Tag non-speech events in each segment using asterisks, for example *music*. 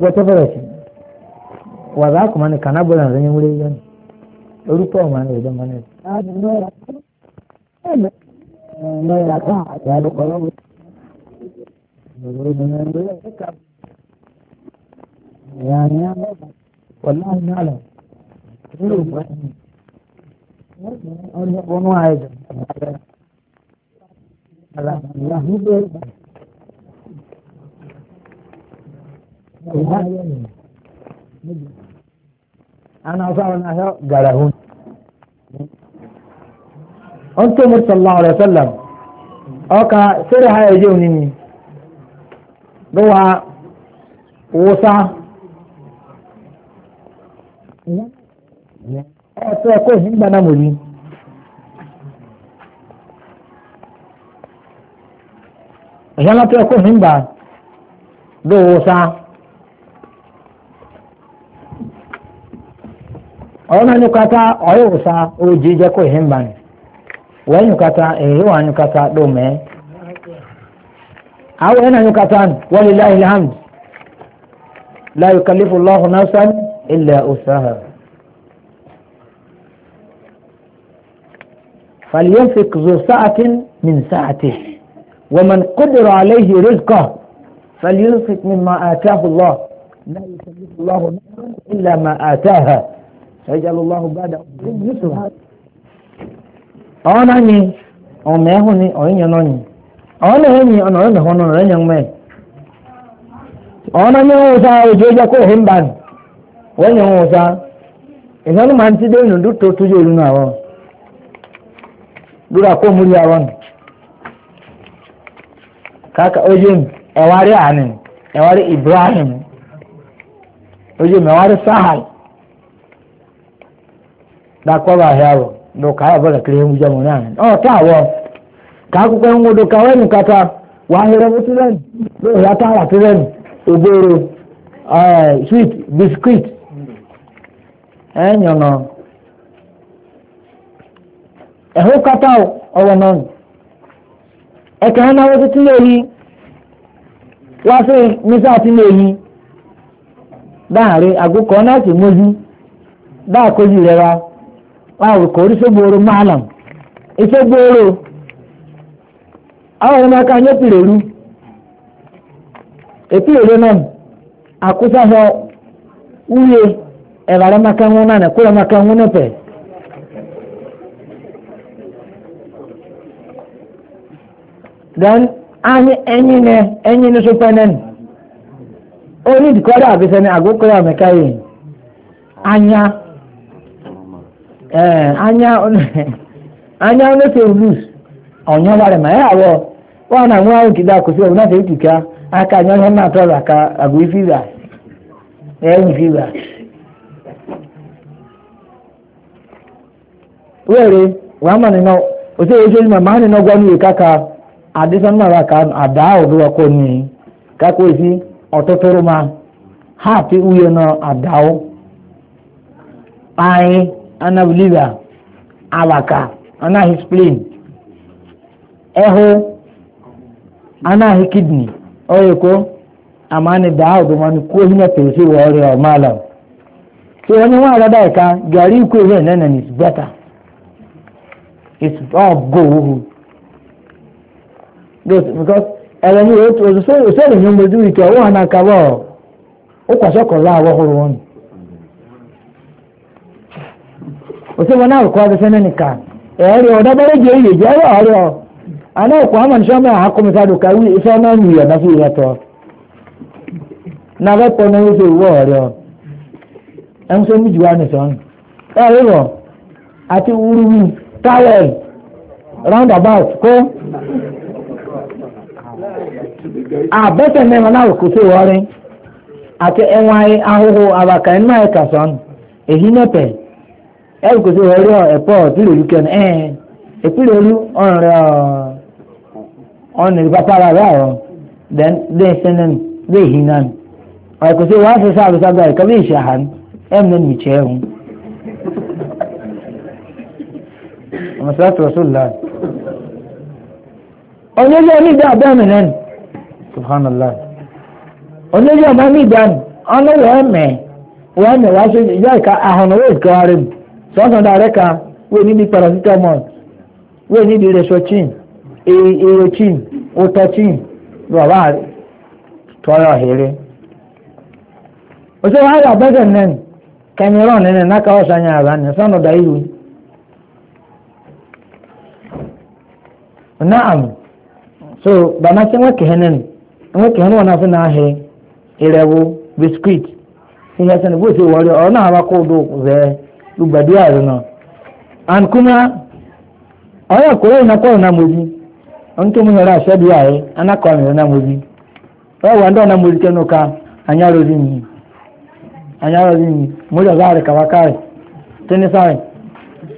wata farashi wa za ku mani kana bulan zanyen wuri yan rufa ma ne idan mani wallahi na ala wani wa'ayi da Allah ana sa wani ahiyar garahun on tó mọ́tò sallallahu alaihi wasallam ọkà sẹ́rẹ̀ ha ẹ̀jẹ̀ òní ni lọ́wọ́ wọ́sá ẹ̀tọ́ ẹ̀kọ́ ìhìn gbaná mọ̀lì ọ̀nà nyukata ọ̀yẹ́ wùsá ojì jẹ́ kó ihe mbà ni wọ́n nyukata èyí wà nyukata dòmẹ́ àwọn ẹ̀nà nyukata wọ́n lè láyé hamd láyé kalifu lọ́hù náà násán ilẹ̀ ọ̀sáhà. فلينفق ذو ساعة من ساعته ومن قدر عليه رزقه فلينفق مما آتاه الله لا يكلف الله نفسا إلا ما آتاها ẹjọ́lú lọ́hùn gbádà yusuf ọ̀nà ni ọ̀nà ẹ̀hún ni ọ̀yìnyẹn náà ni ọ̀nà ẹ̀yìn ọ̀nà ọ̀nà ẹ̀hún náà ẹ̀yìn mẹ́ ọ̀nà ni wọ́n sá ojú ẹjọ́ kó òhìn bá ní wọ́n yẹn wọ́n sá ìsọ́nù máa ń ti dé ìnùdú tó tó yẹ ìlúnà àwọn lórí àkó múlí àwọn kàkà ojú ẹ̀wárí àná ẹ̀wárí ibrahim ojú ẹ̀wárí sahal. dakọrọ ahịa ọrụ n'ụka ya bụla kiri ewu jemụ naanị ọ taa ka akwụkwọ ngodo ka wee nụkata wa ahịrị mụtụren ya taa watụren obere sweet biscuit enyo eh, nọ eh, kata waaw ah, ka orisogboro mahalam isogboro ahụrụ m aka anya pireru epireru nọ m akwụsahịa uye ebara maka nwụ na maka nwụ nepe then anyị enyi ne enyi ne anya Eh, anya anya onese ulus ọnyọ gbara ma ya awọ ọ na nwa ahụ kide akwụsị ọbụla ta ekika aka anya ọhịa na-atọ aka agwa ifiba ewu ifiba were wa ma ni no o se o se ma ma ni no gwa ni kaka adison ma ra ka ada o do ko ni ka ko si ototoro ma ha ti uye no ada ai ana liver abaka anaghị spleen ehu anaghị kidney oyeko amani da ahụ dụmanụ kwuo ihe mepere ọrịa ọmala so onye nwa agada ịka gara ikwu ihe nene is beta it's all go uhu because òṣèwọ́ náà kọ́ ọdún sẹ́nẹ́ nìkan ẹ̀ẹ́rì ọ̀dọ́ bẹ́rẹ̀ jẹ́ ìyè jẹ́ ọ àná òkú àmọ̀ níṣọ́ mẹ́ àkọ́mísádù káwí iṣẹ́ náà ń náà sí ìyẹn tọ́ nàbẹ́ pọ̀ náà ó ṣe ọ ẹ̀ń sọ mí wá nìṣọ́n ẹ̀rí àti round about kó ẹ̀rù kò sí ọ̀rí ẹ̀pọ̀ ìpínlẹ̀ olú kẹ́ni ẹ̀ ìpínlẹ̀ olú ọ̀rẹ́ ọ̀nà ìpapá ara rẹ̀ ọ̀rọ̀ bẹ́ẹ̀ sẹ́nẹ̀n bẹ́ẹ̀ hì náà ọ̀rẹ́ kò sí wọ́n á ṣe sáà lọ sábà ìkọ́ bẹ́ẹ̀ ṣàhà ẹ̀ mú ní ìṣẹ́ ẹ̀hún. ọmọsíláàtì rọ̀ṣùlá onílé onídà abẹ́mi náà subhanallah onílé ọmọ onídà ọ̀nà wọ́n mẹ́ wọ́n mẹ́ wọ́n ṣe ìjọ ìka ahọ́nà wọ́n ìkọ́ ara mu. sọ́sàn dàrẹ́ kan wọ́n níbi paracetamol wọ́n níbi resocin e, erocin otocin lọ́wọ́ rẹ̀ tọ́rọ hẹ́rẹ́ òṣèlú àyà bẹ́sẹ̀ nẹ́ni cameroon nẹ́ni náka ọ̀sán yẹn àbá ní sọ́nà dà ìlú na'am so bàmá sí wọ́n kìhẹ́ nẹ́ni wọ́n kìhẹ́ wọn na fún náà hẹ́ ihe biscuit na sẹ́ni bó ti ọ ọ̀rọ̀ náà wá kó o gbàdúrà rẹ̀ náà and kuma ọ̀rọ̀ kòrò ìnákọ̀rọ̀ náà mojú ohun tó mú yọrọ àṣẹ́bí ààrẹ anákọ̀rọ̀ rẹ̀ náà mojú ọ̀rọ̀ wà ń dọ̀ náà mojú tẹnu ka anyáròrí mi anyáròrí mi mo yọ̀ láàrẹ̀ kàwákà rẹ̀ tẹ́ni sáré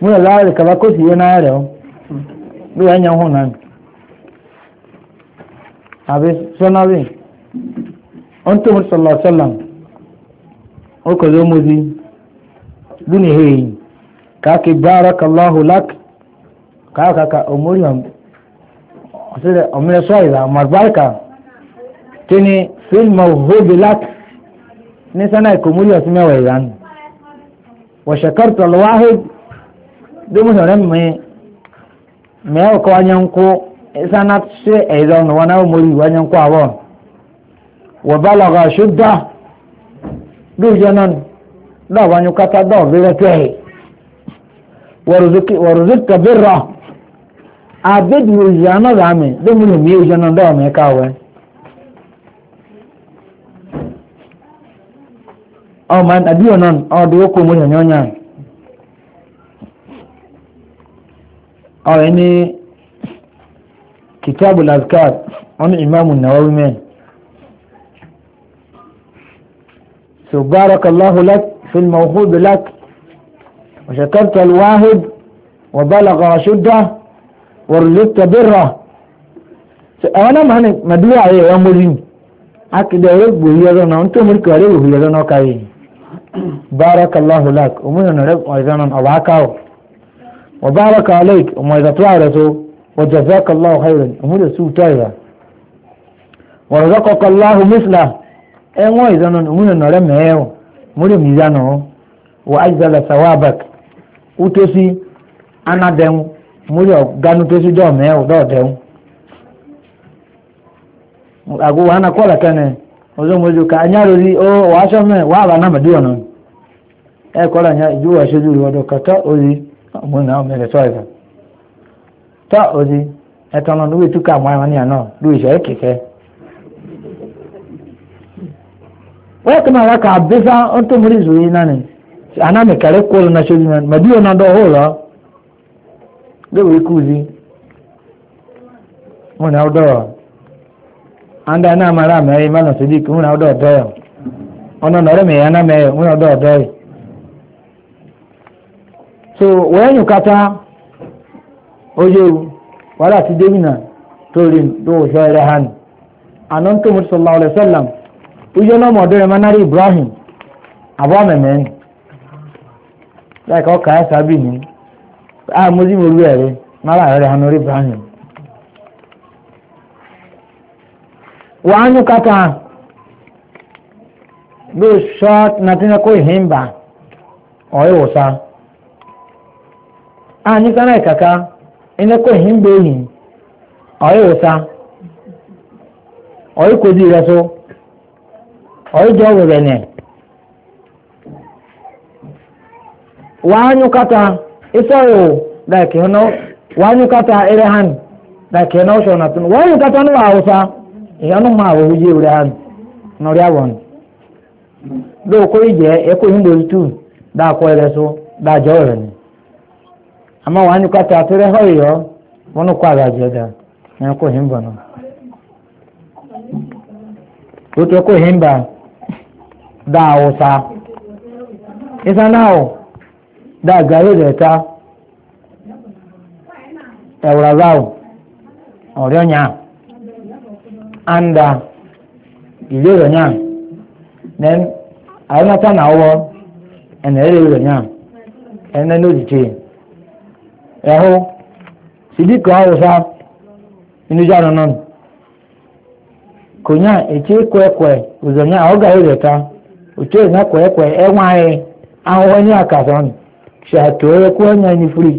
mo yọ̀ láàrẹ̀ náà rẹ̀ ọ́ bí hùn náà àbí tó mú sọ̀lọ̀ sọ̀lọ̀ ó kọ̀ duni heyi kake barakallahu lak kaka ka omori am asire omire so ida marbarka tini fil mawhubi lak ni sana ko muri osme wa idan wa shakarta al wahid dumu sore me me ko anyanko sana se idan wana omori wanyanko awon wa balagha shudda da banyu kata da bere te warzuki warzukka birra abid mu yana da me da mu mi yana da me kawe o man adio non o do ko mu nyonya o ni kitabul azkar on imam an-nawawi men so barakallahu lak في الموهوب لك وشكرت الواهب وبلغ رشده ورزقت بره أنا ما هني مدلع يا إيه؟ مولين أكيد أريد بوهي هذا نعم تومر كاري بوهي هذا نوكاي بارك الله لك ومن نرب أيضا أبعكاو وبارك عليك وما إذا تعرسوا وجزاك الله خيرا أمور سوء تايبا ورزقك الله مثله أي ما إذا أمور نرم هيو muri mizano wa ajzala sawabak utosi anadem muri oganu tosi do me o do de agu wana kola kane ozo moju ka anyaro o wa so me wa ba e kola nya ju wa shoju ri ozi na o me le tọ ozi e wọ́n kì máa wákà àbísà ọ̀tún múlí ìzòrí náà ni ànámì kẹrẹ kó lọ ṣe jùlọ mẹbí ọ̀nà ọ̀hún lọ léwu ikú zi wọn náà na-amara náà mara mẹ́rin mẹ́rin sódì kí wọn náà yọ ọ̀nà ọ̀rẹ́ mi wọn náà yọ. so wọ́n yẹn kata oye wàhálà ti tó tó hàn tó mú ujo na ọmọdé rẹ ibrahim abọ́ láìka ọkà ẹ̀sà bí ní a mọ́sí mo rú ẹ̀rẹ́ mara ibrahim wà á bí o sọ nàtínẹ́kọ́ ọ ọ̀rẹ́ wọ̀sá a ní sára ìkàkà ẹnẹ́kọ́ ìhìnbà èyí ọ̀rẹ́ ọ ọ̀rẹ́ di so. ọ̀rẹ́jọ́ wẹ̀rẹ̀ nẹ̀ wàá nyukata isọ̀rọ̀ dàkì ọ̀nà wàá kata ẹrẹ̀ hàn dàkì ọ̀nà ọ̀ṣọ̀ nà tún wàá nyukata ní wàá awùsá ìyanu mọ àwọn òwúyẹ wẹrẹ̀ hàn nọ̀rí àwọn lóò kó ìjẹ́ ẹkọ ìhìndò tù so ni àmọ́ ìyọ́ wọn kọ́ dà náà da hausa isa nawo da gare da ta eurazau orionya anda iloronya then ayinata na ọwọ ẹnẹrẹ iloronya ẹnẹ lójijì ẹhó sidikọ hausa inú jáde náà kò nyá ètí kwẹkwẹ òzònyá ọgá oche na kwa kwa ahụhụ onye akasọ nụ shatuo ekwu onye anyị frij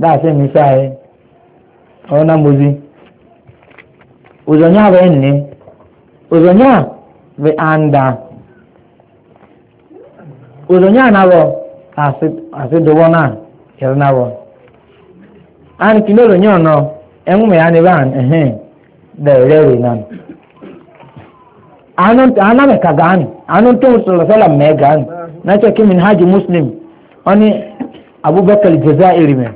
dasị misa anyị ọ na mozi ụzọnya bụ nne ụzọnya anda abụ asị dụbọ na na-abụ anyị enwe ya n'ebe ahụ ehe da anon ana me kagani anon to sallallahu alaihi me gani na ce kimin haji muslim wani abubakar jazairi me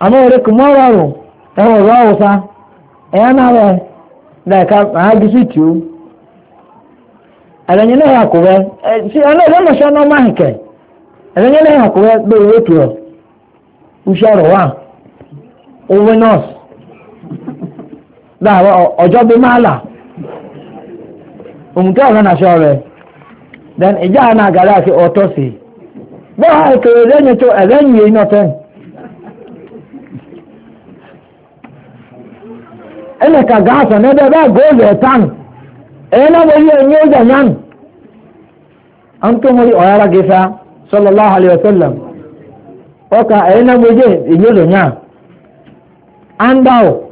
amma yare kuma waro ta wa zawo sa ya e na ba da ka haji su ciwo alanye na ya kuwe e, si ana da masha na ma hike alanye na ya kuwe do wetu usharowa overnight láàárọ̀ ọjọ́ bí máa là òmùtẹ́ ọ̀rọ̀ náà ṣọ́ rẹ̀ then ìjà àná àgàrà àti ọ̀tọ̀ sí i bẹ́ẹ̀ á kéré lẹ́yìn tó ẹ̀lẹ́yìn yìí náà tẹ́ ẹnì kan gáàsì ọ̀nẹ́dẹ́ bẹ́ẹ̀ góòlù ẹ̀tàn ẹ̀yẹ́ náà wọ́n yí ẹ̀yìn ọjà yánn àwọn tó mú ọ̀rọ̀ gẹ̀ẹ́sà sọlọ́lá àlẹ́ ọkà náà yí ẹ̀yìn ọjà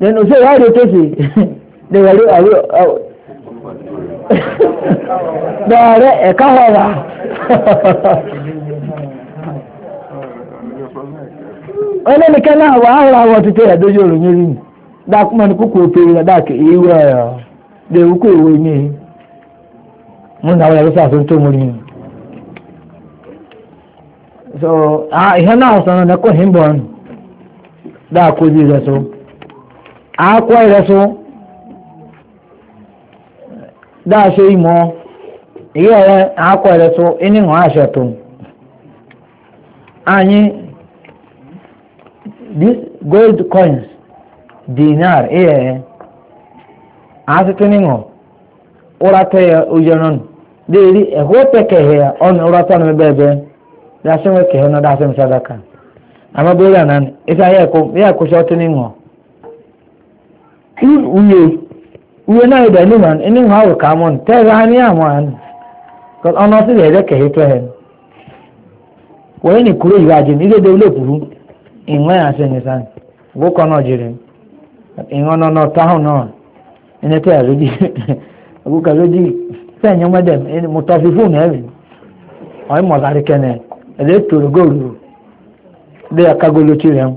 then you say why they take it *laughs* they were are you dọ̀ọ̀rẹ́ ẹ̀ka wọ̀wà onínìkan náà wà á ní kúkú rẹ̀ ìwé ní mú náà wọ́n tó mú rí so ìhẹ́ náà sọ̀rọ̀ nẹ́kọ̀ọ́ hìnbọn rẹ̀ àákọ́ ìrẹsùn dáṣe ìmọ̀ ìyẹ́ ọ̀rẹ́ àákọ́ ìrẹsùn inú àṣẹ tó anyị gold coins dinar ee asịtụ n'ịṅụ ụrata ụjọ nọ dịrị ehụte kehe ya ọnụ ụrata nọ ebe ebe dasị nwe kehe nọ dasị m na ịsa ya kwụsị tun uye uye na ida ni man ini ha wo ka mon te ga ni man ko ono si de ke hito hen wo ni kuro iwa je ni de dole kuru inwe a se ni san wo ko no jire inwe no no ta ho no ene te a loji wo *laughs* se nyo dem ene mo ta fi fun e mi o mo sare kene ele to go de akagolo ti rem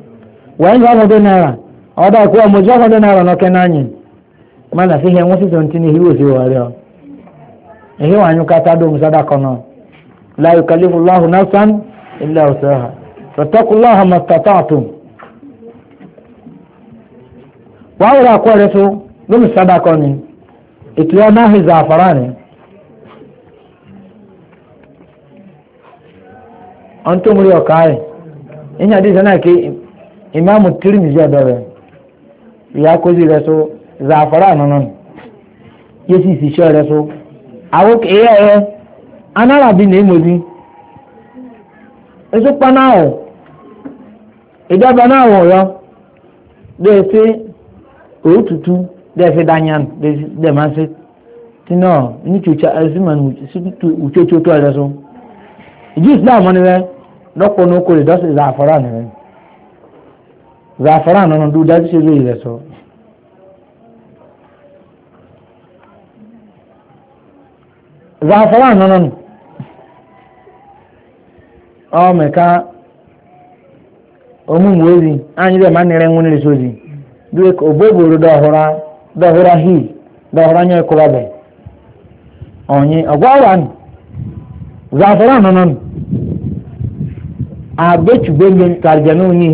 wee nzọ ọnọdụ naira ọ dị akwụkwọ mụ nzọ ọnọdụ naira n'oke n'anyị mana si ihe nwụsị sonti na ihiwe osi wọrị ọ ihe wanyụ kata dum sadakọ nọ la yukalifu llahu nafsan illa usaha fattaku llaha mastata'tum wawura akwere so dum sadako ni ikiyo nahi zafarani antumuri okaye inya disa na ke ìmáàmù tìrìmìsì ọ̀dọ̀ rẹ̀ ìyá kójú rẹ̀ so zàfọ́rà nínú yéṣì ìṣiṣẹ́ rẹ̀ so àwọn èyí ẹ̀rọ anárabi ní èmòdì ìsúpa náà ọ̀ ìjọba náà wọ̀ yọ dé sí òótùtù dé sí danyan dé máa sí tí náà ní tòṣà ẹ̀sìnmọ̀ ìtòṣòtò ẹ̀rẹ̀ so ìjú ìsìláàmù ni rẹ̀ lọ́pọ̀ ní okòrè dọ́sì zàfọ́rà nìyẹn. zafran nan duk da shi zai da so zafran nan ọ mẹka omume ozi anyị dị ma nere nwere sozi duk ogboboro dọhụra dọhụra hi dọhụra nye kụbabe onye ọgwawan zafran nan abechubegbe karjana onye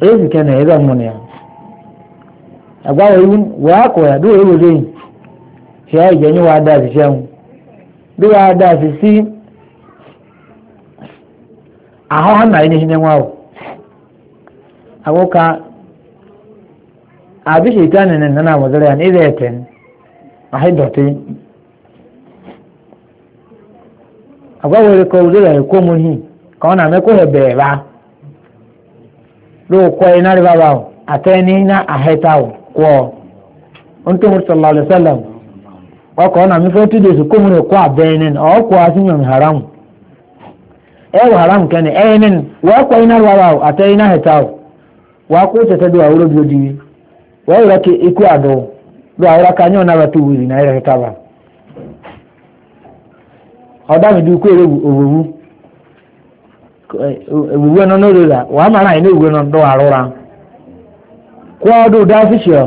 ezi ke na ebe mmụọ ya agbaghị iwu wee akọ ya dịwa ewere ya si ya ije nyewa ada asịsị ahụ dịwa ada asịsị ahụ ha na enyi nne nwa ahụ agụka abịa ita na nna na-amụzara ya na ịdị ete ahụ dọtị agbaghị ka ọ ya ekwe omume ka ọ na-amekwa ebe ebe ahụ lóòkọ́ iná rí bàbá a ta iná na o kọ́ ọ. ohun tó mú sọ̀lá ọ̀lẹ́ sọ̀lá o ọkọ̀ ọ̀nà mi fẹ́ tó dé sùkú mi kọ́ abẹ́ẹ́nẹ́ ni ọ̀ọ́kọ́ asínyàn haram ẹ̀rọ haram kẹ́ni ẹ̀yẹ́nẹ́ ni wọ́ọ́kọ́ iná rí bàbá o àtẹ́ iná àhẹ́ta do ka ewuwe nọ n'olu la wàá mara anyị n'ewuwe nọ ndụ arụra kwụọ ọdụ dafishọ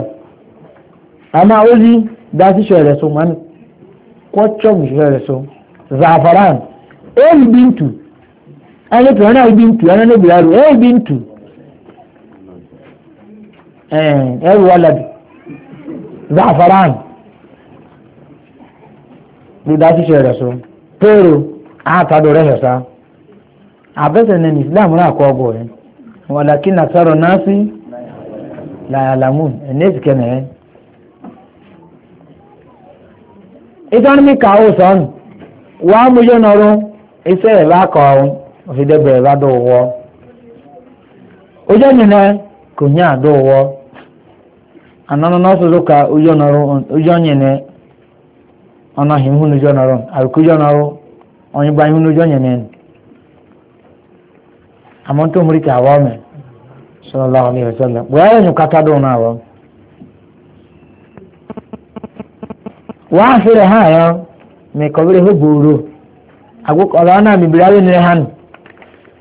ama ozi dafishọ ereso ma kwụọ chọmishọ ereso zafaran eyi bi ntu anyị pere na ebi ntu anyị n'ebi arụ eyi bi ntu ee ewu walad zafaran dị dafishọ ereso pero a ta do rehesa. abẹ́sẹ̀ ní islam náà kọ́ ọgbọ̀ rẹ̀ wọn làkí nasarọ̀ náà sí làyàlámù ẹ̀ní èsìkẹ́ nà ìtọ́ni mi kà ó sọ́nù mú yóò nọrọ iṣẹ́ ẹ̀ bá kọ́ ọ́n ẹ̀ bá dọ̀ wọ́ ojú ẹ̀yìn náà kò ní àdó wọ́ ànánà náà sọ̀rọ̀ ka ojú ẹ̀yìn náà ọ̀nà ìhun ojú ojú ọ̀yìnbá ìhun àmọ́ tó múrí ti àwọ̀ mẹ́ sọlá ọ̀nà ìrẹsẹ̀lẹ̀ bóyá ẹ̀yìn kátà dùn náà wọ́n. wọ́n á fi rẹ̀ hàn yọ mi kọ̀wé hó gbòòrò ọ̀rọ̀ náà mi bìrì àwọn ènìyàn hàn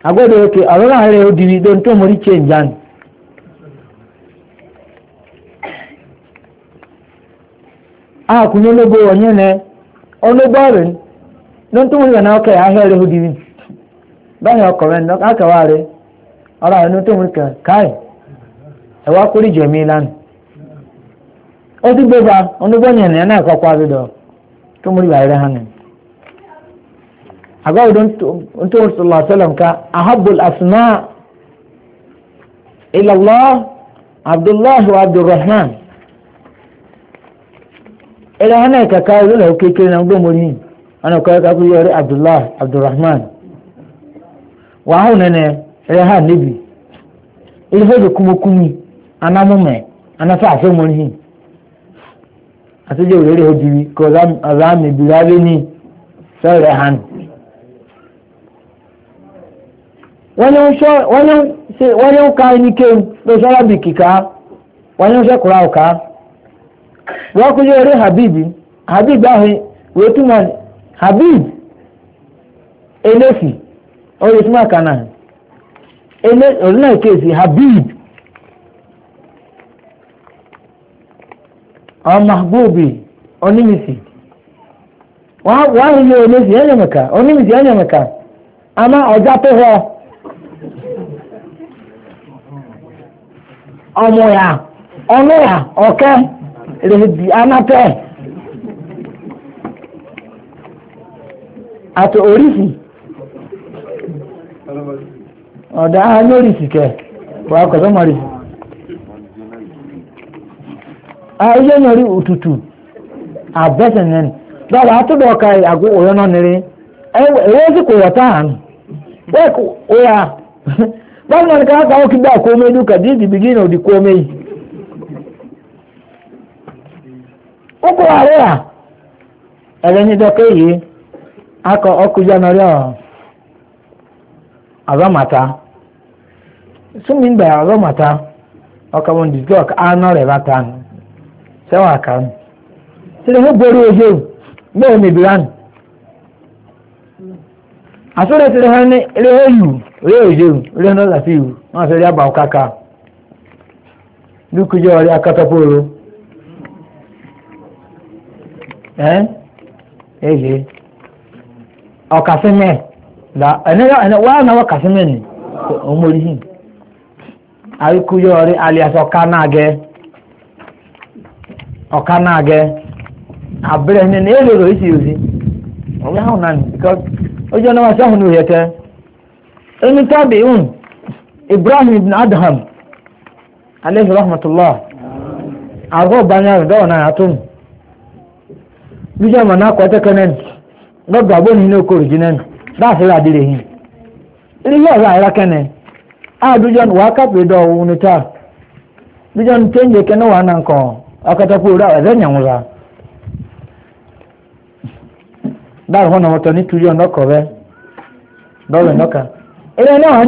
agbọ́dọ̀ òkè ọ̀rọ̀ náà rẹ̀ ó tó ń tó múrí ṣe ń jáde. a kùnú ológbò wọ̀nyẹn nẹ ológbò rẹ̀ ló ń tó múrí rẹ̀ náà ọkẹ́ ahẹ́ rẹ̀ báyìí ọkọ̀ rẹ̀ kákàwá rẹ̀ ọ̀rá ẹnu tó ń kàn káì ẹ̀wá kórì jẹ̀mí lánàá ó ti gbé ba onígbọ́nyẹ̀ ènìyàn náà kọ́kọ́ àbídọ̀ tó múrí bàrẹ̀ hàn ní. àgọ́ òdo tó ń sọ̀rọ̀ àṣẹlẹ̀ nǹka ahabul asma ilàlọ́ abdullahi wa abdulrahman ìlànà ìkàkà olóòlù kékeré náà gbọ́mọ̀rí ọ̀nà kọ́kọ́ kúrò yọrí abdullahi abdulrahman. wa nínú ẹ̀rẹ́ hà níbi ilé ìdè kúmukúmi anamúmẹ̀ anafẹ́ àfẹ́mọ́nìhìn àtijọ́ òrèrè òjìrì kò ọ̀zámi ìbìláwé ní sọ́ọ̀rẹ́ hàn. wọ́n ń ka ẹni kéwù pé sọ́lábì kìkà wọ́n ní ń sẹ́kùrà ọ̀ká wọ́n kú yóò habibi habibi habib oye tí máa kà náà habib ọmọgbòbì onímìsì wàá ilé onímìsì ẹ̀yẹ̀mẹ̀ka onímìsì ẹ̀yẹ̀mẹ̀ka àmà ọjà tó họ ọmọ ya ọmọ ya ọkẹ rèébi anatẹ àti orísìí. ọ̀dá lórí ìsìkẹ̀ wà kọ̀tọ́ mọ̀rí ayé nyọrí òtútù àbẹ́sẹ̀nẹ́n lọ́wọ́ àtúbọ̀ ọ̀ka àgó òyọ́ náà nírí ẹ̀wọ́ sì kò wọ̀ táà nù wẹ́ẹ̀kù òyà báwo ni ká kàwọ́ kí gbà kó méjì kà ndị bìgí nà òdì kó méjì. ó kó àárẹ̀ ẹ̀rẹ́ ní dọ́kẹ́ yìí akọ azamata sumin da azamata ọka wọn dìde ọka anọ rẹ bata nù sẹwọn aka nù sílẹ ní gbórí ojú bẹẹ ní ibi ránù àsọdẹ sílẹ hàn ní ilé ìlú ilé ojú ilé náà láti ìlú wọn sọ ilé àbàwọn kàkà dúkùjọ ọrẹ akátọpọrọ ẹ ẹ yé ọkà símẹ. da ẹnẹ wàá náwó kàṣímẹ ni ọmọdé yìí rí alias ọ̀ka náà gẹ ọ̀ka náà gẹ abẹ́rẹ́ ní ní èrò ìsì òsì ọ̀gá àwọn náà because ní òye tẹ́ ẹni tábì ibrahim ibn adham aleyhi rahmatulah àgọ́ banyere rẹ̀ dọ́wọ̀ náà bíjọ́ náà kọ́ náà okòrò that's where I did him. ọ̀rọ̀ àìrákẹ́nẹ̀, àdújọ́n wà kápẹ́ òun ní ta. Dújọ́n tẹ́ǹjẹ̀ kẹ́nẹ́ wà náà kàn ọkọ̀tọ̀pọ̀ eze ẹ̀fẹ́ ìyàwó ra. Dáàrú wọn ọmọ tọ ní túyọ̀ nọkọ̀ rẹ, nọkà. Ilé náà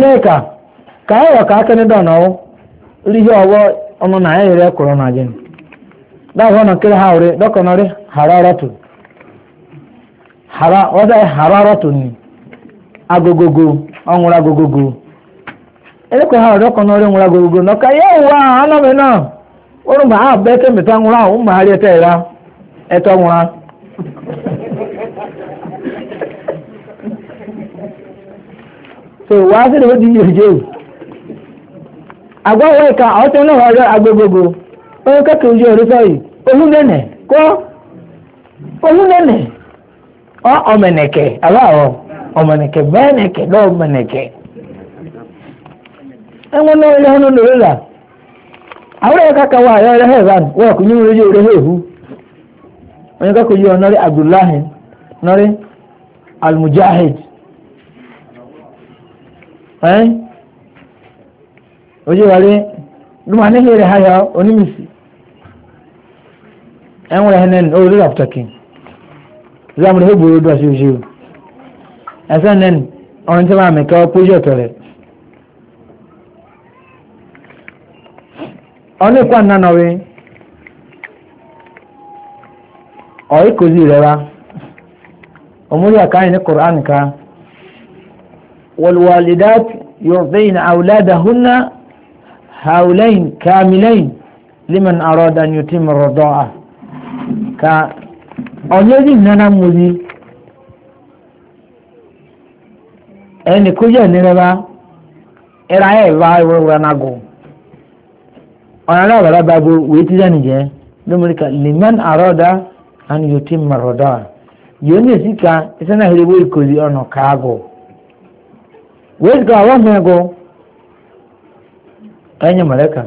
dọ̀nà ó, rí ọwọ́ ọmọ náà rẹ kọ̀rọ̀ náà jẹ́. ha dọ́kọ̀ náà Hara, wọ́n sẹ́ agogogo ọnwụrụ agogogo elekwa ha ọrịa ọkọ n'ọrịa nwụrụ agogogo nọ ka ya ụwa anọghị nọ ụrụ ma ahụ bụ ete nwụrụ ahụ ụmụ ha rieta ịra ete nwụrụ *laughs* so wàá sí ìdòwò di yèjè àgọ́ ọ̀wọ́ ìka ọ̀sẹ̀ náà ọ̀rọ̀ agogogo onye kẹ́kẹ́ ojú ọ̀rẹ́ sọ́yì ohun nẹ́nẹ̀ kọ́ ohun nẹ́nẹ̀ ọ ọ̀mẹ̀nẹ̀kẹ̀ àbáwọ̀. ọmọnìkẹ bẹ́ẹ̀ nìkẹ lọ́ọ́ ọmọnìkẹ ẹ̀wọ̀n náà ilé ọ̀nà lórí rà àwọn ẹ̀ka kan wà ayọ́ ẹ̀rẹ́hẹ́ ìran wọ́n kò ní orí orí èhú wọ́n yí abdullahi nọ́rí almujahid ẹ́n ojú wa rí lùmọ̀ nílé hayọ onímìsì ẹ̀wọ̀n rẹ̀ hẹ́nẹ́ni rà ẹsẹ̀ nẹ́ni ọ̀run tí wàá mẹ́kẹ́ ọ̀pọ̀jù ọ̀tọ̀ rẹ̀. ọ̀nìkọ́ ànánọ̀wé ọ̀ìkòzì rẹ̀ wa òmùrí àkáyìn ní quran ká wàlúwàlídàt yọ̀ọ̀dẹ́yìn àwùládà húnná hàwùlẹ́yìn kàmìlẹ́yìn liman àrọ̀dà newton rọ̀dọ̀ à ká ọ̀nyẹ́dì nánà mú ẹni kó yẹ nírẹ́bá ẹ̀rọ ayé ìwà ìwúrẹ́wúrẹ́ náà gùn ọ̀nà náà bàrà bá gbó wèé tí sẹ́ni jẹ́ lómìnira lèmẹ́n àrọ́dá àni yóò tí mà rọ́dá yóò ní èsìkà ẹsẹ̀ náà hẹ́rẹ́ wọ́n ìkòlì ọ̀nà káàgọ̀ wèé tí kò àwọn mẹ́gọ́ ẹ̀yẹ mọ̀lẹ́kà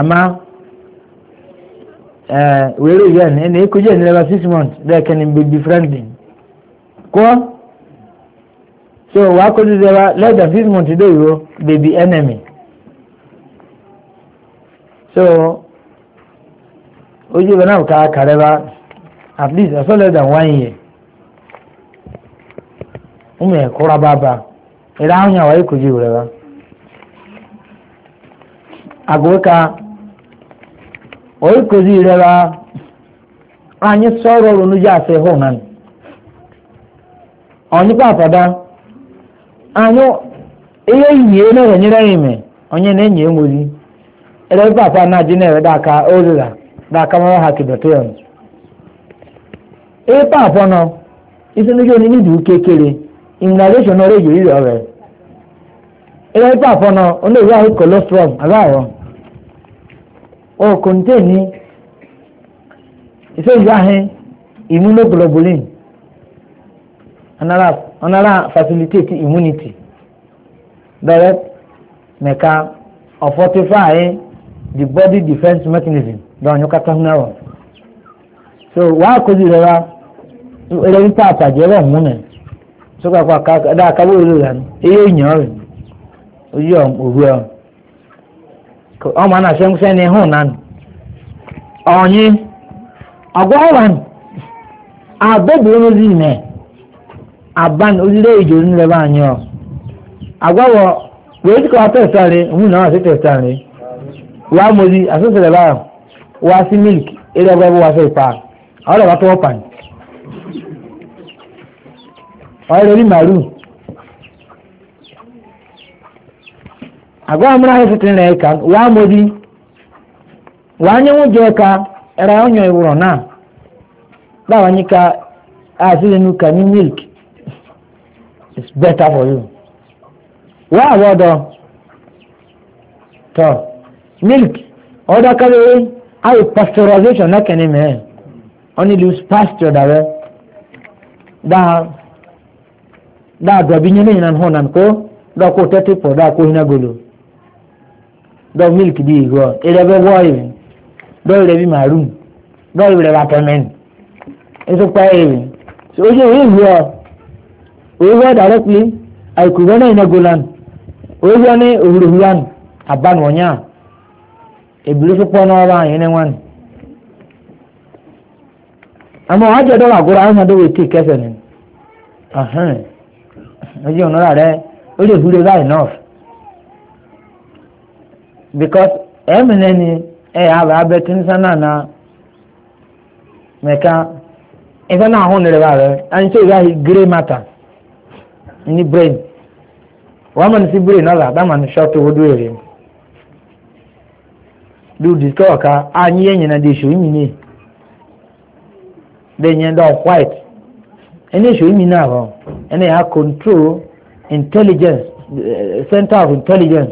àmà ẹ̀ẹ́ wèé rẹ̀ yẹn ẹni kó yẹ nírẹ́bá six months bẹ́ẹ̀ kẹ́ni baby friendly kọ́. so wàá kojú sẹ́wà lẹ́dà fíìmù ti dé bèbí enemy so ojú ìbọn náà kàrẹ́ bá at least ẹ̀sọ́ lẹ́dà one year ụmụ ẹ̀kọ́ra bá bá ẹ̀rọ ahụhụ àwọn ìkojú ìrẹ́ bá àgùkà ìkojú ìrẹ́ bá anyị sọ̀rọ̀ ọ̀rọ̀ n'ojú àfẹ́ anyụ ihe yie na-enyere anyị ime onye na-enyi enweri ere papa na ji na-ewede daka ozila da aka mara ha kibeteon ihe papa nọ isi ndị onye dị uke kere immunization ọrụ eji iri ọrịa ere papa nọ onye ewu ahụ kolesterol agaghọ o konteni ise ewu ahụ immunoglobulin anara ọ̀nàrà facilitate immunity direct mẹ̀ka or fortify body defense mechanism lọ́wọ́n kátà náírà so wàá kojú ìrora ẹlẹ́rìí tá àtàjẹ́ rẹ̀ sọ́kà pa ẹ̀dá àkáwé ìlú rẹ̀ eyé èèyàn rẹ̀ ojú òwú ẹ̀ ọmọ náà ṣẹ́ńṣẹ́ ni hùn náà ọ̀yin ọgọ́ ọ̀wà àbẹ̀bẹ̀ ló aban olile ijo nílẹ̀ bá yàn àgbáwọ̀ wèé tí kò tẹ̀sán rẹ̀ òun náà àti tẹ̀sán rẹ̀ wàá mọ̀lì àtúnṣẹlẹ̀ báyọ̀ wá sí mílìkì eré ọgbà ẹbí wá sí ìpa àwọn ọ̀rọ̀ bá tọwọ́ pàní. ọ̀rẹ́ rẹ̀ ní màálù àgbáwọ̀ múra ẹ̀ tuntun rẹ̀ kà it's better for you wá àwọn ọ̀dọ̀ tọ̀ milk ọ̀dọ̀ kẹ́lẹ́ ayò pasteurization náà kẹ́ni mẹ́ẹ̀ Only lu pasteur. dàrẹ́ dáa dáa dọ̀bí nyẹ́ lẹ́yìn náà hàn náà kó dọ̀ kó tẹ́tí pọ̀ dáa kó hinna golo dọ̀ milk bí ìgbọ́ eré bẹ́ wọ́ ìrìn dọ̀ ìrẹ́ bí màrún dọ̀ ìrẹ́ bá tẹ́mẹ́ni ètò pa ìrìn ó ṣe ìrìn ìwé ọ̀. over directly aikubana inagulan ozane uhuruhulan aban wonya iblisu pono wa yene wan ama haje do agura an do we ti kesen ahan oje onora re o le hure ba enough because emineni eh, eh, e aba abetin sana na meka ebe na ahụ nere ba re eh, anyị so ya gray matter nị brain one man is brain the other one is short of the brain to disturb waka anyị ya nyina de show ịmị niile de nyine da white enyo show ịmị niile ahụ ndị ahịa control intelligence eh, center of intelligence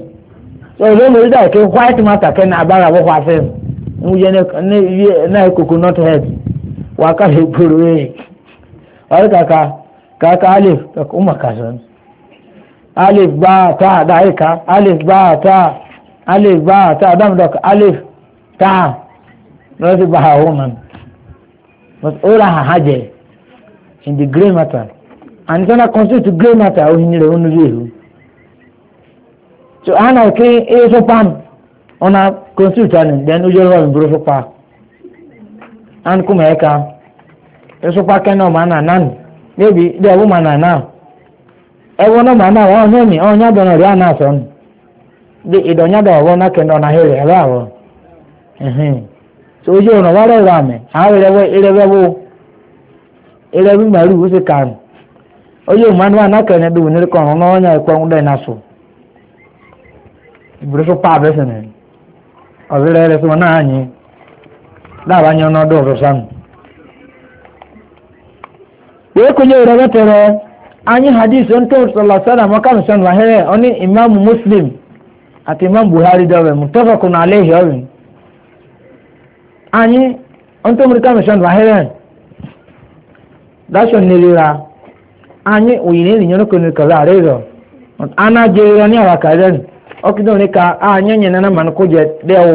so ndị mmiri dị ka white matter ka na-abaghị abụọ akwụkwọ asịrị m nwunye na n'ahịa head not heard waka here for wei ọrịa ka. kaka alif ka kuma kasan alif ba ta da aika alif ba ta alif ba ta adam da alif ta rasu ba hawo man mas'ula ha haje in the gray matter and then I tana constitute gray matter o oh, hinire onu rehu so ana ke e so pam ona constitute an then ujo ro bro so pa an kuma eka e so pa kenan ma na nan maybe the woman na now ẹwọ náà màá náà wọn ọhún mi ọhún yàgbọn náà rí àná sọ ni bí ìdọ̀nyàdà ọ̀wọ́ náà kẹ́ndọ̀ náà hẹ̀rẹ̀ ẹ̀rọ àwọ̀ so ojú ọ̀nà wọ́n rẹ̀ rà mí àwọn ìrẹ̀wẹ̀ ìrẹ̀wẹ̀ wo ìrẹ̀wẹ̀ ó sì kàánù náà ẹ̀kọ́ dẹ̀ náà wee kụnyere tere anyị hadis e ntụ salasala maka nsan wahere oni imam muslim àti imam buhari dọrọ mutafakun na alẹ́ ìhọ́rin anyị ntụ mụrịka nsan wahere dashon nerira anyị oyiri erinyere kọnikọrọ arịrọ ana jerira ni awa karen ọkịdọ ni ka anyị nyere na mmanụ kụjẹ dẹwụ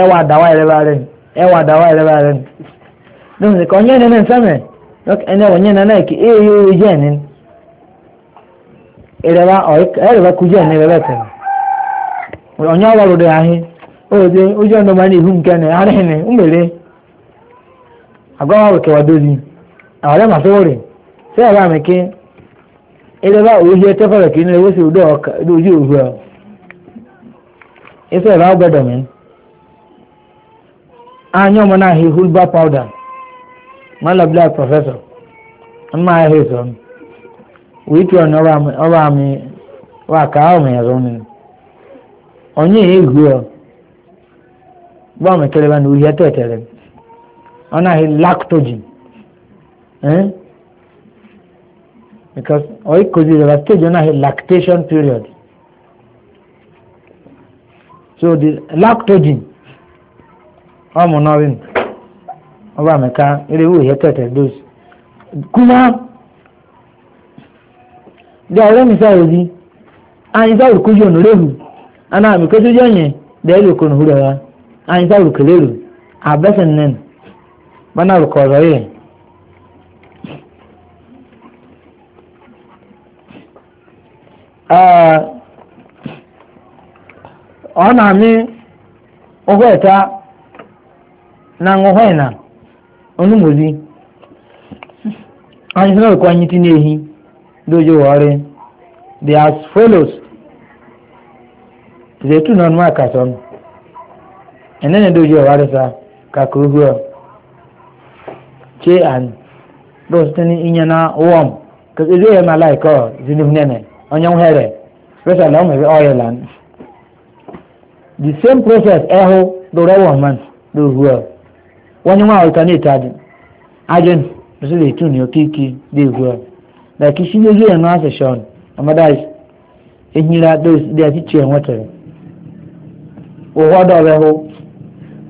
ẹwà dawa ẹrẹbaren ẹwà dawa ẹrẹbaren dọmịnị ka onye nene nsẹmẹ ẹni ẹwọ nyẹ nana ike ee yoo yoo jẹ ẹni ẹrẹba ẹrẹba kujú ẹni ẹrẹba tẹlẹ ọnyẹ awọrọ dẹ ahi ọdẹ ojú ẹni ọmọ ẹni ihu nkẹ ẹni arẹ ẹni umere agbawo dozi àwọn ẹmà sọwọrẹ sẹ hulba mala black professor ọmọ ahịa ịsọ wíìtì ọ̀nà ọba mi wà ká ọmọ ẹ̀rọ ni onye egwu ọ gbọ́ ọmọ ìkẹlẹ́bà ní uhie tẹ̀tẹ̀rẹ̀ ọ̀nà ahịa lactogen because ọ̀yí kozi ìrọ̀lá stage ọ̀nà ahịa lactation period so the lactogen ọmọ náà rí ọba mẹka eré wò yẹ tẹtẹ dose kuma di ọrẹ mi sáyẹ di anyi sáyẹ kojú ọ̀nà ana àmì kojú yẹnyẹ dẹ́ẹ́ lè kọ́nà húrẹ́ wa anyi sáyẹ kẹlẹ́ lò abẹ́sẹ̀ nẹ́nu bana ọ na-amị ụgwọ ịta na ngwụhọ ịna onúmòdì anyị sị na ọkụ anyị tinye ehi dojo wọrị dị as follows zetu na ọnụma kasọ enene dojo wọrị sa kaka ohu a che an dọ site n'inye na wọm kazi ezi ya ma laik ọ zinihu nene onye nwere special ọ mere ọyị land the same process ẹhụ dọrọ wọman dohu a wọ́n ní wọ́n àwòká ní ìtajù ajẹ́nu lọ́sí lè tún ní òkìkí dé ìwé ọ̀ lẹ́kì sí lójú ẹ̀nu àṣẹṣọ ọ̀nà ọmọdé ẹ̀yìnra dé àti tiẹ̀ wọ́n tẹ̀lé òwò ọ̀dọ̀ rẹ̀ hó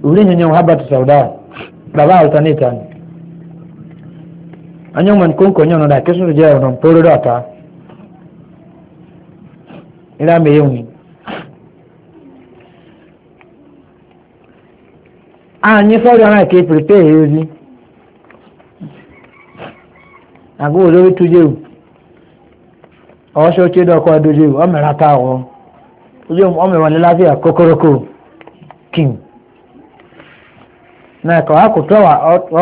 òwúrẹ́ yẹn yẹn wọ́n hábàtì sọ̀dá bàbá àwòká ní ìtajù anyọ́ mọ̀ nǹkan kò jẹ́ ọ̀nà pọ́lọ́dọ̀ àtà ìlànà èyí anyị sọrọ na ka eprepee ya ozi agụ olori tujewu ọsọ oche dọkọ dojewu ọ mere aka ahụ ojú ọ mere wọlé láfíà kokoroko king. na ka ọ kụtọ wa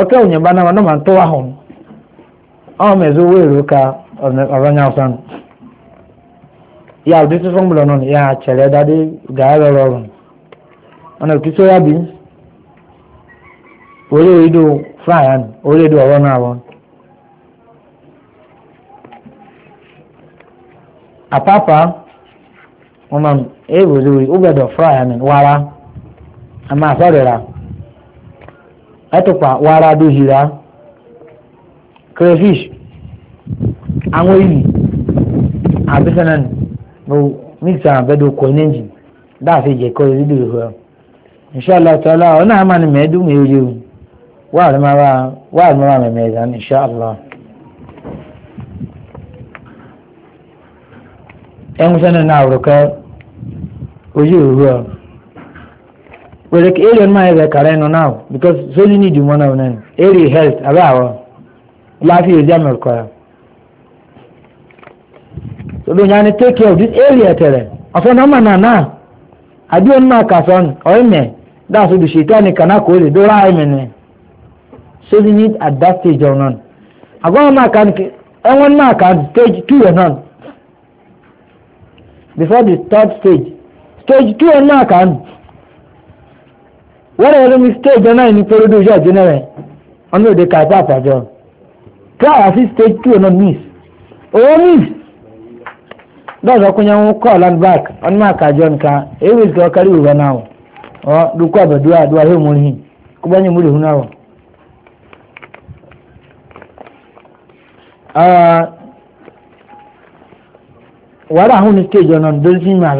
ọtọ onye mbana ma nọma ntụwa hụ ọ mezu wero ka ọrọnya ọsan ya ụdị tụtụ mgbọrọ nọ ya chere dade gaa rọrọ ọrụ ọ na-ekwu ya bi orí ìdó fáyà orí ìdó ọ̀rọ̀ náà wọn. àpápá wọn ebozi èèwò lórí ugbẹ̀dọ̀ fáyà ama wàrà a máa sọ̀rọ̀ra ẹtùpà wàrà dóhìrá crayfish àwọn ìlì àbísẹ́nẹ́nì ló n'enji àbẹ́dọ̀ kọ́ ní wa'ad ma ba ma insha Allah yan sanin na aurka oji ruwa wẹ̀rẹ̀ alien because health abẹ́ àwọ̀ láti èdè amẹ́ríkà so take care of this area tẹ̀rẹ̀ ọ̀sán náà mà náà náà àbí òun náà kà sọ́n ọ̀ẹ́mẹ̀ dáàsó saving it at that stage or none agwaghị m nke enwe stage two or none before the third stage stage two or none aka wẹ́rẹ̀ ẹ̀rọ mi stage na ìní pẹ̀lú ojú ọ̀jọ́ náà rẹ̀ ọ̀nà òde stage two or none miss owó miss dọ́ọ̀dọ̀ kúnyẹ́ ń call and back ọ̀nà àkàjọ nǹkan èyí wíìsì ọ̀kárí òwúrọ̀ náà ọ̀ dúkọ́ àbẹ̀dúrà àdúrà yóò mú rí kó bá yẹn mú Ah, wàhálà ahùn ní stage ọ̀nà ndózi mà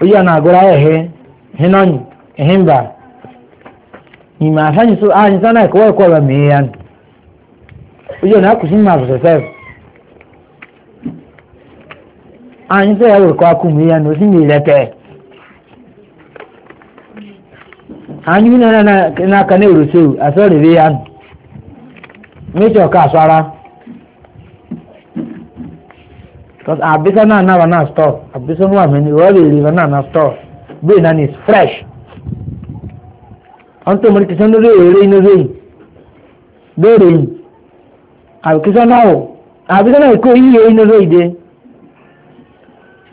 oyi ọ̀nà àgọ́rọ̀ ayẹ̀ hẹ́ hẹ́nọ́nyì ẹ̀hìnbà ìmọ̀ àṣàyìn so àyìn sánà ẹ̀kọ́ ẹ̀kọ́ ọ̀rọ̀ mìíràn yẹn oyi ọ̀nà akùsí mà sọ̀sẹ̀sẹ̀ àyìn sẹ́yà wọ̀ ẹ̀kọ́ akùnmí sì mìíràn anyi na na na ka na urusu asori ri yan mecho ka asara cuz abisa na na na store abisa wa me ni wali ri na na store be na ni fresh anto mari kisan do re ni re do re al kisan na eh? o abisa na ko yi ni re de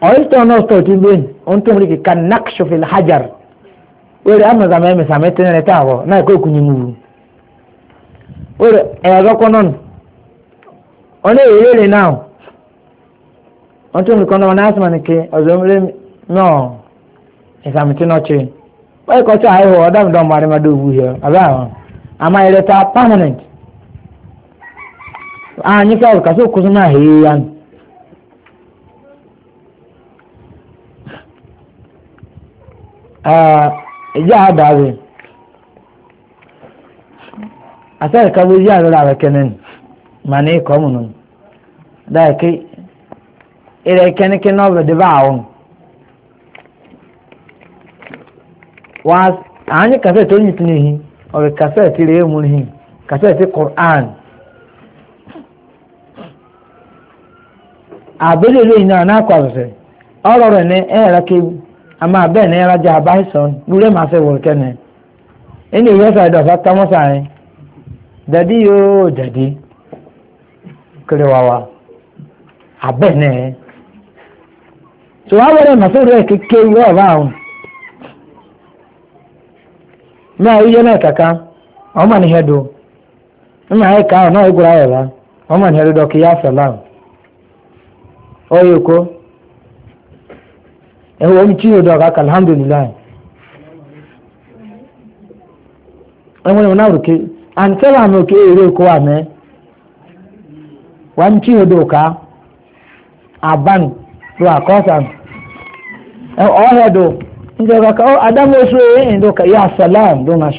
oyster no store ti be anto mari kan nakshu fil hajar were amaza eme emesa m etenyere taa na-ekwe okunye were ọzọkwa nọ ere ere na ahụ ọtụ na na nọ esamiti n'ọchị wee kọcha ahụ ịhụ ọda mdọ ama permanent anyị ka kasị ya ìjà àbáre àtẹ́ẹ̀ká abụọ yí àrẹ́rẹ́ àrẹ́kẹ́ni mà ní ikọ̀ mùnú ìrẹ́ kẹ́nikẹ́ náà bẹ̀ dé àwọn wá àányí kàfẹ́ tó yìí tún ọ̀rẹ́ kàfẹ́ ti mú yìí kàfẹ́ quran àbẹ́lẹ̀ lóyìn náà náà kọ́ àbẹ̀fẹ́ ọ̀rọ̀ rẹ̀ ní ama bẹ́ẹ̀ ni ẹrajà àbáìsàn wúlé máa fẹ́ wọ̀rọ̀ kẹ́nẹ̀ ẹni ìwé ẹ̀sà ìdọ̀fà támọ́sà yẹn dàdí yóò dàdí kiri wá wa abẹ́ ni ẹ̀ tó wá wọlé màá fẹ́ rẹ̀ kéke ìwé ọ̀bá àwọn máa yíyẹ náà kàkà ọmọ mà ní hẹ́dù ọmọ àyè ká ọ̀nà ní yá ẹwọ ní tí yóò dọ̀ ọ̀gá alhamdulilayi ẹwọ ní wọn náà rúkè àǹtẹ̀lẹ̀ àmì òkè èrè èkó àmì wọn ní tí yóò dọ̀ àbán lọ àkọ́sàn ọ̀hẹ́ dọ̀ adamu oṣù yà sàlám dọ̀ náà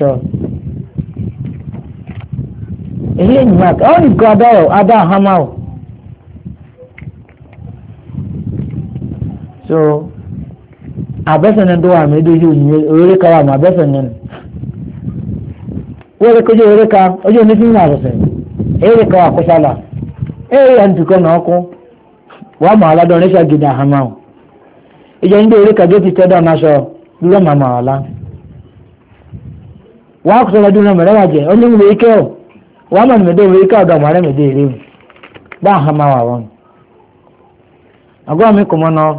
so. abẹ́sẹ̀nẹ̀ tó wà mí dójú òrèrè ká wà mọ́ abẹ́sẹ̀nẹ̀ na wọ́n rẹ̀ kọjú òrèrè ká ojú oní fíìmù àrẹ̀sẹ̀ èrè ká wà kọ́sálà èrè yà ntùkọ́ nà ọkọ́ wà mọ́ aládọ́ ní sàgídà hàmà o ìjọ ní òrèrè ká gé tẹ́dọ̀ náà sọ lúwọ́ mà mà ọ̀la dúró jẹ́ ó ní ike o wà á m.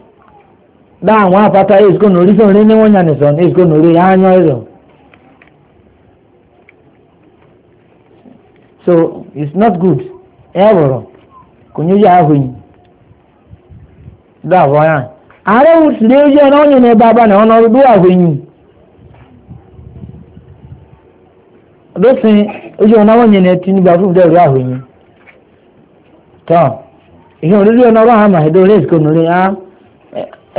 dáhùn apata èsìkò nòrí sọ̀rọ̀ ní wọ́n yàn nìsọ̀rọ̀ èsìkò nòrí ààyàn ẹ̀rọ. so it's not good ẹ wọ̀rọ̀ kò ní yà áhùn yìí dáàbọ̀ yàn. ààrẹ wù ẹ̀bá abá ọ̀nà yìí. ojú ọ̀nà nígbà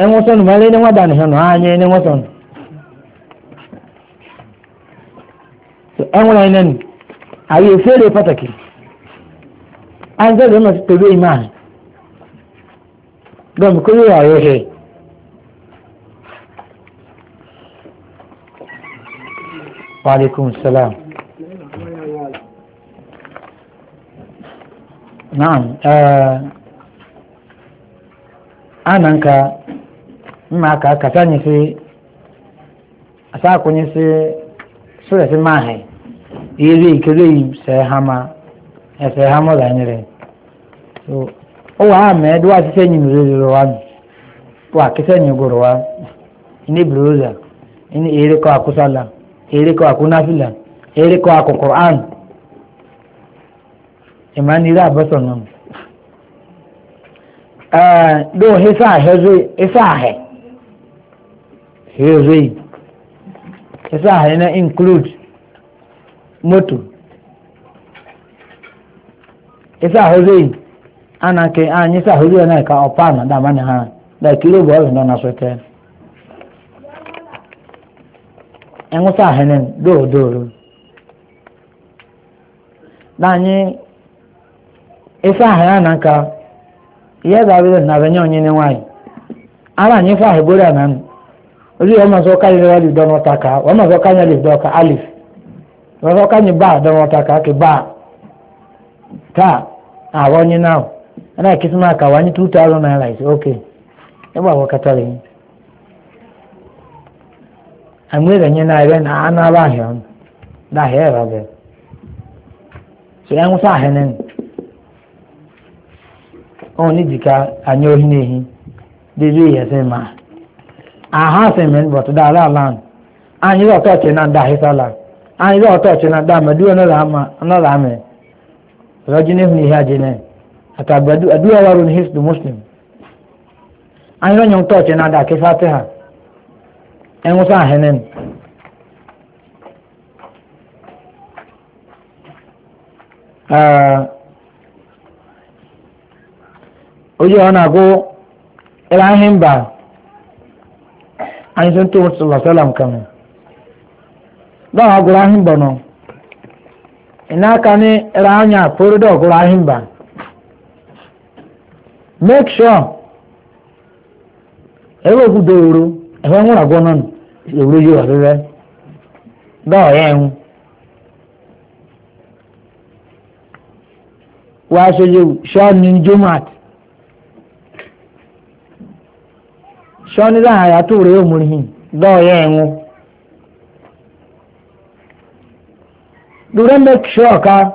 enwụsọn ma ele nwa dani hụ na anya ene nwụsọn enwụrụ anyị nenu anyị efere pataki anyị sọ dọọma tebe ime anyị dọọma kụrụ ya ọrụ ihe waalaikum salam na'am eh anan mma ka kasa nye si asaako nye si sori si maa he iri kere yi sɛ hama ɛsɛ hama la nyere so ɔwɔ ha mɛ do wa sisɛ nyim rere wa mi wa kisɛ nyim goro wa ini buroza ini ere kɔ akusala ere kɔ akunafila ere kɔ akokoran ìmániré àbọ̀sọ̀ náà. Uh, eh, do hisa ahezi hisa ahe heroin yasa hanyar na include moto yasa heroin ana ke an yasa heroin na ka ọpa na dama ni ha da kilo ọrụ nọ na sote enwusa hanyar doodoro na anyị yasa hanyar na ka ihe dabere na onye ne nwanyị ara na orí ma sọ ká yẹn lè dọ́nà ọ̀tàkà ma sọ ká yẹn lè dọ́ka alif ọmọ sọ ká yẹn bá dọ́nà ọ̀tàkà kì bá tá àwọn ọ̀nyin náà ẹ̀rọ ìkísímà na anyi two thousand naira is okay ẹ̀bọ̀ àwọn kẹta rẹ̀ yín àmì rẹ̀ yín náà ẹ̀rẹ́ náà àná bá hẹ̀ ọ́n hẹ̀ ẹ̀rọ bẹ̀ ṣe ẹ̀ ń sá ní òhìn èhìn aha sị mịn bọt da anyị dị ọtọ na nda ahịsala anyị dị ọtọ ọchị na nda amị n'ihu n'ihe ajị nị ata aduwa waru n'ihe sịdụ muslim anyị dị ọnyọm tọọchị na nda akịsa tị ha ọ na-agụ mba anyị sị ntụ wụtụ sọlọ sọlọ kam dọọ ọgụrụ ahịm nọ ịnaka ni ịra anya pụrụ dọọ ọgụrụ ahịm ba make sure ebe okwu dọwụrụ ebe nwụrụ agwọ yi ọrịrị dọọ ya enwu shoni za a yato yau murhi za a yi enwu sure ka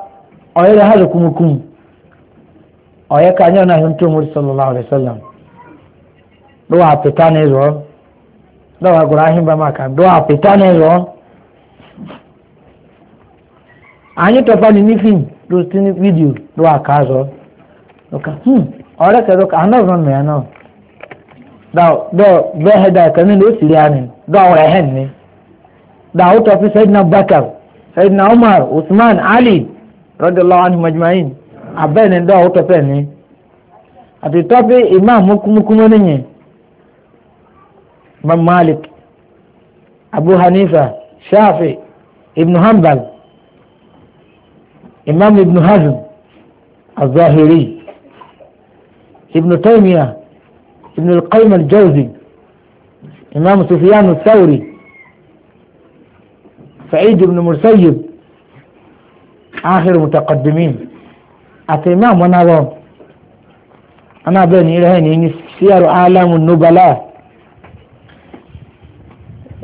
oye da hajji kuma kun oye ka nyar na hin tumur sallallahu alaihi wasallam duwa fita ne zo duwa gurahin ba maka duwa fita ne zo anyị tọfani ní fíìmù ló ti ní fídíò ló dao dao vehe da kamin do sirianin dao rehen ne dao to fi sayyidina bakar sayyidina umar usman ali radiyallahu anhu majma'in abene dao to fe ne ati to fi imam mukumukumo ne ne imam malik abu hanifa shafi ibn hanbal imam ibn hazm الظاهري ابن تيميه ابن القيم الجوزي إمام سفيان الثوري سعيد بن مسيب آخر متقدمين أتى إمام ونظام أنا بني إلهين سير عالم النبلاء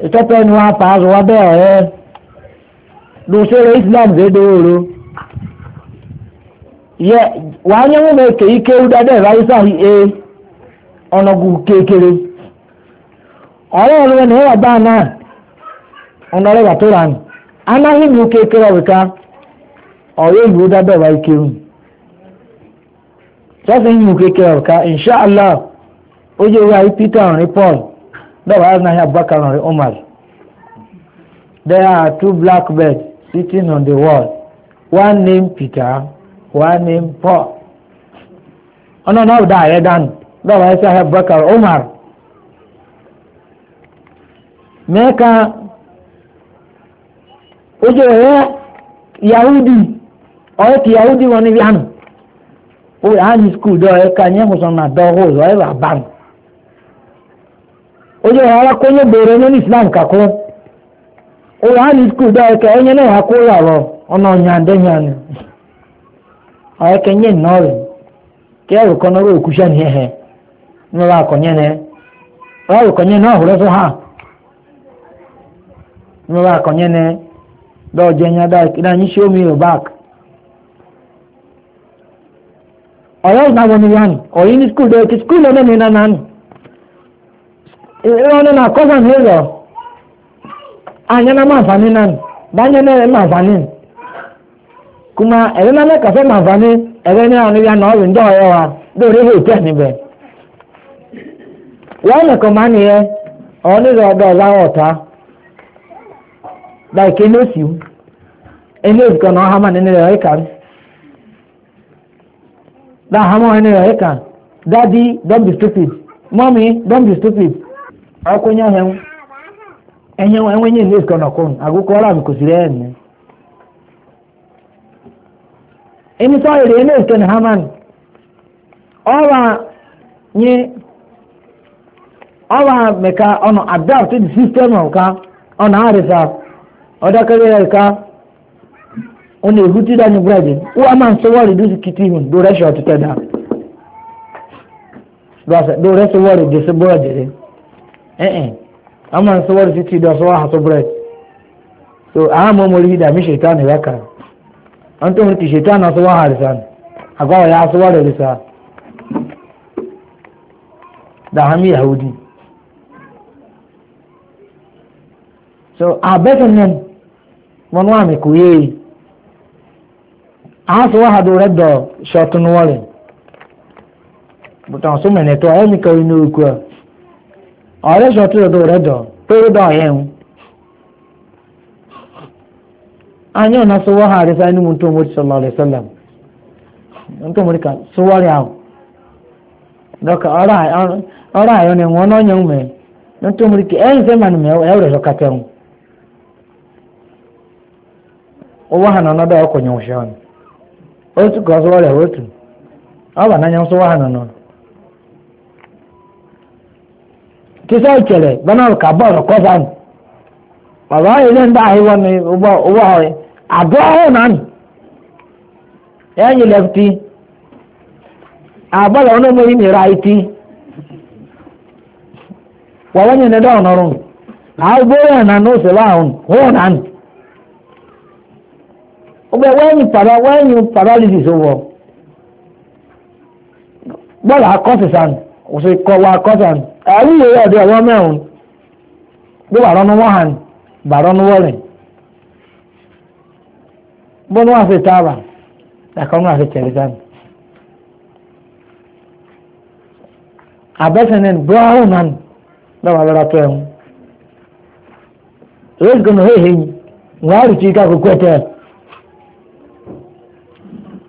ìtọ́pẹ́ ni wọ́n apá aṣọ wa bẹ́ẹ̀ ọ̀rẹ́ lùsẹ̀rẹ̀ islam gbẹdọ̀ọ́rọ̀ yẹ wàá nyẹ́wọ́n mẹ́kẹ́ yìí kéwú ọnọgụ kekere ọrụ ọrụ na ịwa ba na ọnọrọ ya tụrụ anyị anaghị m oke kere ọbịka ọrụ ebe ụda dọba ike m sọsọ ihe oke kere ọbịka inshallah oge ewu anyị pita ọrị pọl dọba ya n'ahịa abụbakar ọrị umar there are two black birds sitting on the wall one named peter one named paul ọnọdụ ọbịda ahịa danụ dọwa ya sahib bakar umar meka ka o yahudi ọ̀rẹ́ ti yahudi wọn níbi àná ó yà skul dọ̀ ẹ̀ ká nyẹ́ mùsùlùmí àdán hó islam kakó ó skul dọ̀ ka ká ẹ̀ nyẹ́ náà yà kó yà rọ̀ nínú akọ̀nyẹ́nẹ́ ọ̀rọ̀ akọ̀nyẹ́nẹ́ ọ̀húrẹ́ fún ha nínú akọ̀nyẹ́nẹ́ dọ́ọ̀jẹ́ ẹ̀yà dáyìí ṣé omi rẹ̀ báàkì. ọ̀rọ̀ ìgbàgbọ́ ni yánnì ọ̀yìn ní skul dẹ́ẹ̀tì skul lọ́nà mi náà nánì ìrọ̀lẹ́ náà kọ́sà ní ìrọ̀ àyẹ̀nà máa fà ní nánì báyẹ̀nà rẹ̀ máa fà ní kùmà ẹ̀rẹ́ náà mẹ́kàfẹ́ máa fà ní ẹ̀rẹ́ náà ní yánnà ọ̀rìn dọ́ọ̀rẹ́ wa dóòrè hòtẹ́ẹ̀ níbẹ̀. wọ́n lè kọ́ máa nìyẹn àwọn onílò ọ̀dọ̀ ọ̀láwọ̀ ọ̀tá láìké ní òsì ẹni náà hàmà nínú rẹ̀ ẹ̀ka nínú ẹ̀ka don't be stupid mommy don't be stupid ọkùnrin ọ̀hẹ́ ẹ̀yẹ́ ẹ̀wọ̀n ẹ̀yẹ́ ní òsìkọ̀ náà kọ́ àgùkọ ọ̀là mi kò sí rẹ̀ ẹni sọ ọba mẹka ọnà adapt the system ọka ọnà àrẹsà ọdọkẹrẹ ẹka ọnà èhútí dání búrẹ́dì wọ́n a máa ń sọ́wọ́ reduce kìtì hùn lórí ẹ̀ṣọ́ títẹ̀ dá lórí ẹ̀ṣọ́ wọ́n rẹ̀ dẹ̀sẹ̀ búrẹ́dì rẹ̀ ẹ̀ẹ́n a máa ń sọ́wọ́ rẹ̀ títì dọ̀ sọ́wọ́ àtọ́ búrẹ́dì so àwọn ọmọ mọ̀rí ìdá mi ṣètò àná ìwá kan wọ́n tó ń ti ṣètò àná sọ́wọ́ àrẹsà àgbà ọ̀yà sọ́wọ́ rẹ̀ rẹ̀ sà dàhámi yahudi. so abetin nan wọn wà mí kò yé e a sọ wà hàdó rẹ dọ ṣọtún wọlé bùtàn sọ mẹnẹ tó ẹ nìkan inú ikú ẹ ọrẹ ṣọtún rẹ dọ rẹ dọ péré dọ ọyẹ ń anyị ọ na-asọ wà hàrí sáyẹn mu ntọ́ mọ́tì sọlá ọ̀lẹ́ sọlá ntọ́ mọ́tì ká ahụ dọka ọrọ ayọ na enwe ọnụ onye ume ntọ́ mọ́tì ká ẹ̀yìn sẹ́ẹ̀ mà nù mẹ́ ụwa ha nọ n'ọdọ ọkụ ọnụ otu ka ọzọ ọrịa otu ọ bụ n'anya nsọ ụwa ha nọ n'ọnụ kisa ekele banal ka bọọlù kọfà nù ọ̀rọ̀ ayé lé ahụ àhíwọ́ ni ụgbọ ụgbọ ọ̀rẹ́ àbọ̀ ọ̀hún nánì ẹ̀yìn lẹ́fùtì àbọ̀lọ̀ ọ̀nà mẹ́rin anyị ọgbẹ́ wẹ́yìn para wẹ́yìn paralysis wọ̀ bọ́ọ̀lù akọ́sìsàn òsì kọ̀wé akọ́sìsàn àárín ìwé ọ̀dẹ ọ̀wọ́ mẹ́rin bí wàá rọ́nu wọ́n hàn bà rọ́nu wọ́ọ̀lì bọ́ọ̀lù wọn àti tààrà làkọ́ wọn àti tẹ̀lẹ́sàn. abẹ́sẹ̀nẹ̀ bọ́ọ̀rù náà lọ́wọ́ abẹ́rẹ́ tó ẹ̀hún. rẹ́sìkọ́nù hẹ́hẹ́ yìí wọ́n á rìkì ká kókó ẹ̀tẹ́ ẹ̀.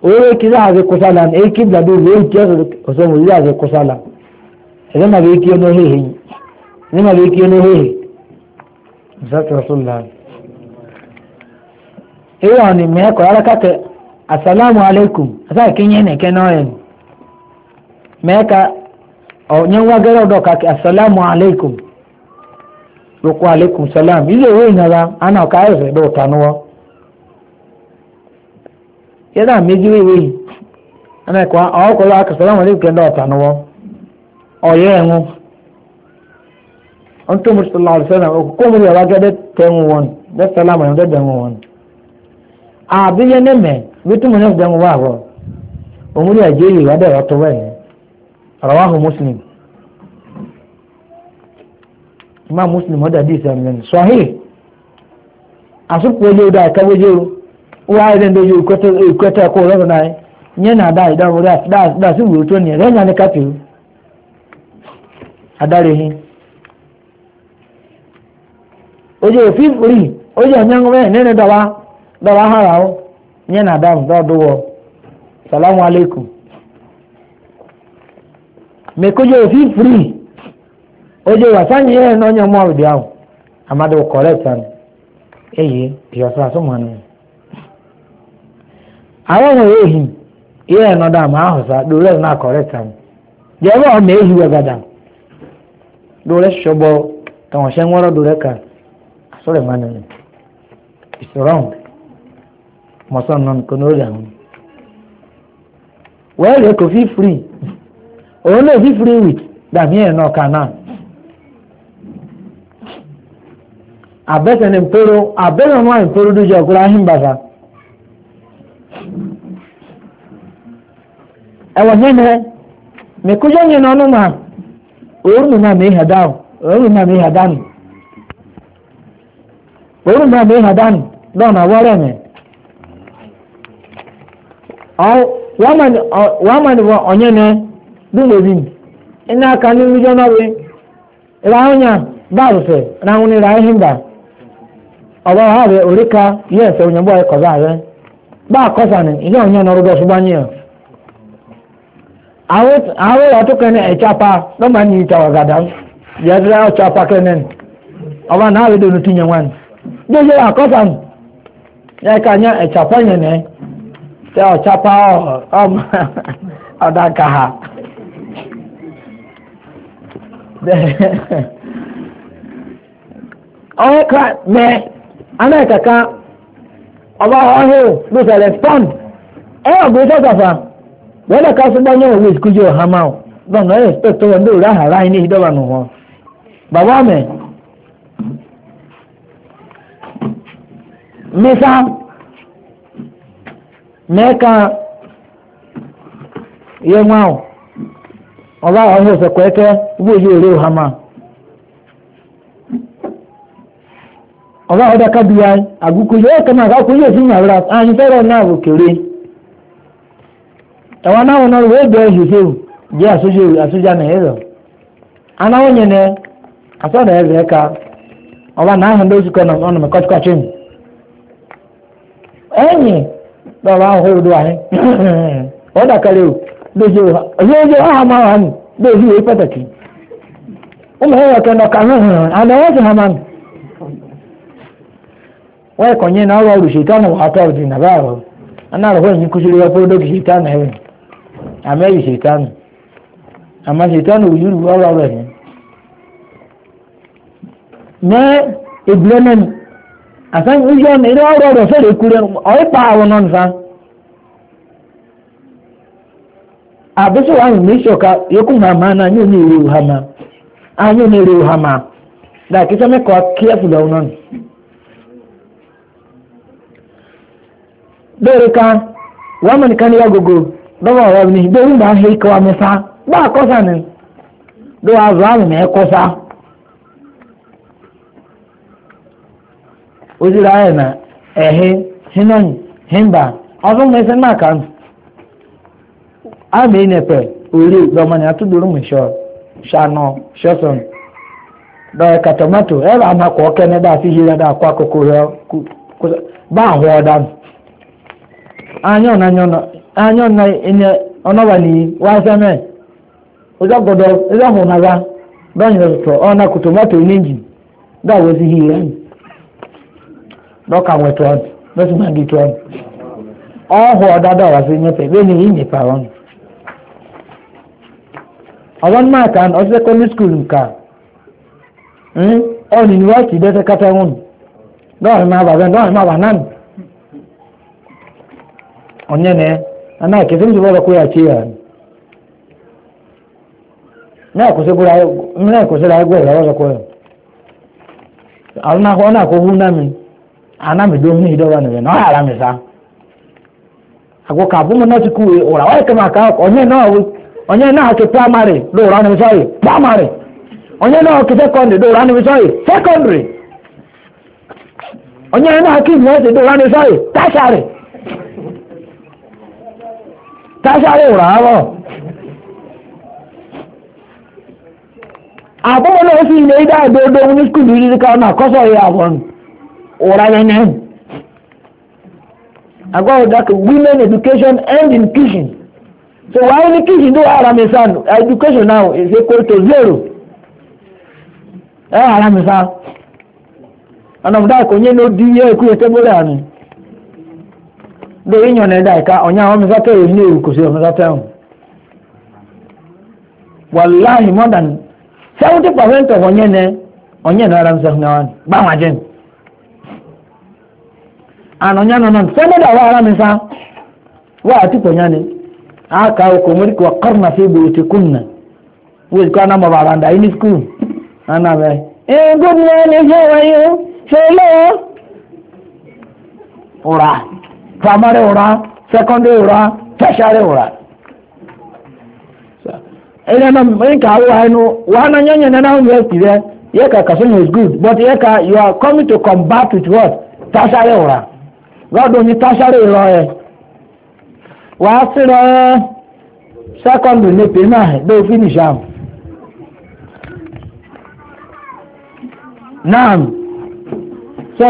wewe kizazi kusala na ikibla do wewe kizazi osomo kizazi kusala sema wiki yono hehe sema wiki yono hehe msatu rasulullah hiyo ni meko harakati assalamu alaikum sasa kinyene kenoen meka onyewa gero doka ki assalamu alaikum lukwa alaikum salam nala ana do tanuwa yẹn náà méjì wéwèé yìí ẹnna ẹ̀kọ́ àwọn ọkọ̀ lọ́wọ́ akẹ́sọ̀ láwọn ilé kẹ́ńdà ọ̀tà ni wọ́n ọ̀yẹ́ ẹ̀hún ọ̀n tó mùsùlùmí sọ̀lá ọ̀sẹ̀lá òkú mi yàrá gẹ́gẹ́ tẹ̀hún wọn dẹ́sẹ̀ láwọn ẹ̀hún dẹ́dẹ̀ wọn. àbí yẹn ní mẹ́ bí tó mú ní ọ̀dẹ̀ wọn wà wọ̀ òmùrí àjẹ́ yìí wà dẹ̀rọ̀ tó wẹ̀yẹ rọwáhùn mùsùlùmí ìmá mùsùlùmí ọ̀dà dì sẹ́mi sọ̀hí àsopọ̀ ilé ọdọ àkàwéjẹ́ o. wa idan da yi kwata kwata ko rabu na yana da idan wuri da da su wuri to ne ranya ne kafi adare hin oje fi uri oje nyango me nene da wa da wa harawo yana da da duwo salamu alaikum me ko je fi free oje wa sanye no nyamo awdi awo amado correct an eye ti asaso manu àwọn nwere ehi ihe nọda ma ahụsa dore na akọrịta m jebe ọ na-ehi wegada dore shọgbọ tọwọshe nwere dore ka asọrọ mmanụ m it's wrong mọsọ nọ nke n'oge ahụ wee lee kofi free onye na-efi free with damien n'ọka na abẹsẹ ni mpero abẹsẹ nwa mpero dujọ ahịa mbasa ẹwọ hẹnẹ mẹkọjọ yẹn nọ nọ náà òórùn náà mẹ ìhà dáhùn òórùn náà mẹ ìhà òórùn náà mẹ ìhà dáhùn lọ́nà mẹ. wàá mà aka ní mílíọ̀ náà wí ìlà báàlù fẹ̀ náà wọn ìlà ẹ̀hìn bá ọ̀bá wàá nsogbu òríkà bá ni ìyá àwọn ọ̀tọ́ kẹ́ni ẹ̀chapa lọ́mọ ní ìtawà gàdá yẹ́dẹ́rẹ́ ọ̀chapa kẹ́ni ọba náà rẹ̀ dẹ̀nu tìyẹ̀ wọn bí yẹ́ ya ẹ̀ka nyẹ́ ẹ̀chapa yẹn nẹ́ tẹ́ ọ̀chapa ọmọ ọ̀dàkà ha ọ̀ka mẹ́ anáìkàkà ọba ọ̀hìn ló sẹ̀rẹ̀ fọ́n ẹ̀ ọ̀gbìn sọ́sọ̀fà. wọ́n dàka sọ gbọ́n yẹn òwe ìkújẹ ọ̀hán máa lọ́nà ẹ̀ expect wọn bí òrà àhàrá yín ní ìdọ́wà nù wọn. bàbá mi mísà mẹ́ka yẹ wọn ọba àwọn ọ̀sẹ̀ kọ́ẹ́kẹ́ bí òye òrè ọ̀hán ọba àwọn dàka bíi agùkù yẹ ẹ̀ka máa kọ́ ẹ̀wọ̀n anáwọn náà wọ́n bẹ̀rẹ̀ ṣùṣù jẹ́ àṣójà nàìjíríà anáwọn yẹn nẹ asọ́nà ẹ̀rẹ̀ ẹ̀ka ọba náà hàn lóṣù kan náà ọ̀nà mẹ́kọ́tíkọ́ àti ẹ̀mí ẹ̀yìn lọ́wọ́ àwọn òhèrè wáyé wọ́n dàkẹ́lẹ́ o lóṣù ọ̀ṣẹ́ ọjọ́ àhàmà wà ní lóṣù yẹn pàtàkì wọ́n mọ̀ ẹ̀rọ kẹ́ńdọ̀ kan náà wọ́n ẹ̀kọ́ yẹn náà wọ́n rù ṣètánù àtọ́ ọ̀dìnà àmẹ́rì ṣètánù àmọ́ ṣètánù òyìnbó ọ̀rọ̀ rẹ̀ ni. ní ìdílé náà ni àtàwọn oúnjẹ ọ̀nà ilé ọ̀rọ̀ rẹ̀ fẹ́rẹ̀ kúrẹ́ ọ̀ẹ́pà àwọn náà nìfà. àbísọ̀ àwọn ìmísọ̀ka yókù hàmà náà yóò ní èrè òhàmà àwọn yóò ní èrè òhàmà dàkítọ́ mẹ́kọ̀ọ́ kíẹ́fù lọ́wọ́ náà. bẹ́ẹ̀ ká wọ́n mọ̀ nìkan ní agogo. dɔbɔ wa ni bɛyi ba hɛ kawa gbaa sa ba azụ ni do wa oziri ami na ɛhɛ hinɔnyi himba ɔtún mi sɛ má kan ami ne ori gbɔmɔni atu mi sɔ sanɔ ka tomato ɛ b'a ma kɔ fi yira da a nyɔna anyo na ene onoba ni wasame uza godo uza munaga donyo to ona kutomato ninji da wozi hiya doka weto dosu mangi to oho dada wasi nyepe beni yinye paron awon ma kan o secondary school nka hmm on university de kata won do ma ba do ma ba nan onye ne ana ke sun zuba koya ce ya na kusa gura na kusa da gura rawa koya alna ko na ko huna mi ana mi do ni hidawa ne na ara mi sa ago ka bu mo na ti ku ora wa kama ka onye na o onye na ke primary do ora ni sorry primary onye na ke secondary do ora ni sorry secondary onye na ke university do ora ni sorry tertiary káṣáré ràárọ̀ àbúrò náà na ilé ìdá ìdódó ní skùlù ìrírí káwọn náà kọ́sọ̀ yẹ àwọn òra nẹ́nẹ́ agbáwo women education end in kitchen so why ní kitchen do ara education now is equal to zero ẹ ara mi sàn ọ̀nà kò nyẹ́ ní ó di do inyo na da ka onya ho mi fata e ni e ko se mi fata on wallahi more than 70% of onye ne onye na ran zan na ba ma jen an onya no non sene da wa mi sa wa ti ko nyane aka ko muri ko qarna fi buyutikunna wo ko na ma baranda in school ana be e good morning how are you hello ora primary ụra secondary ụra tertiary ụra ina na mun ka hawo hainu wana nyanya na na university there ye ka kasun is good but ye ka you are coming to combat with what tertiary ụra god only tertiary ụra eh wa sira secondary ne pe na do finish am naam so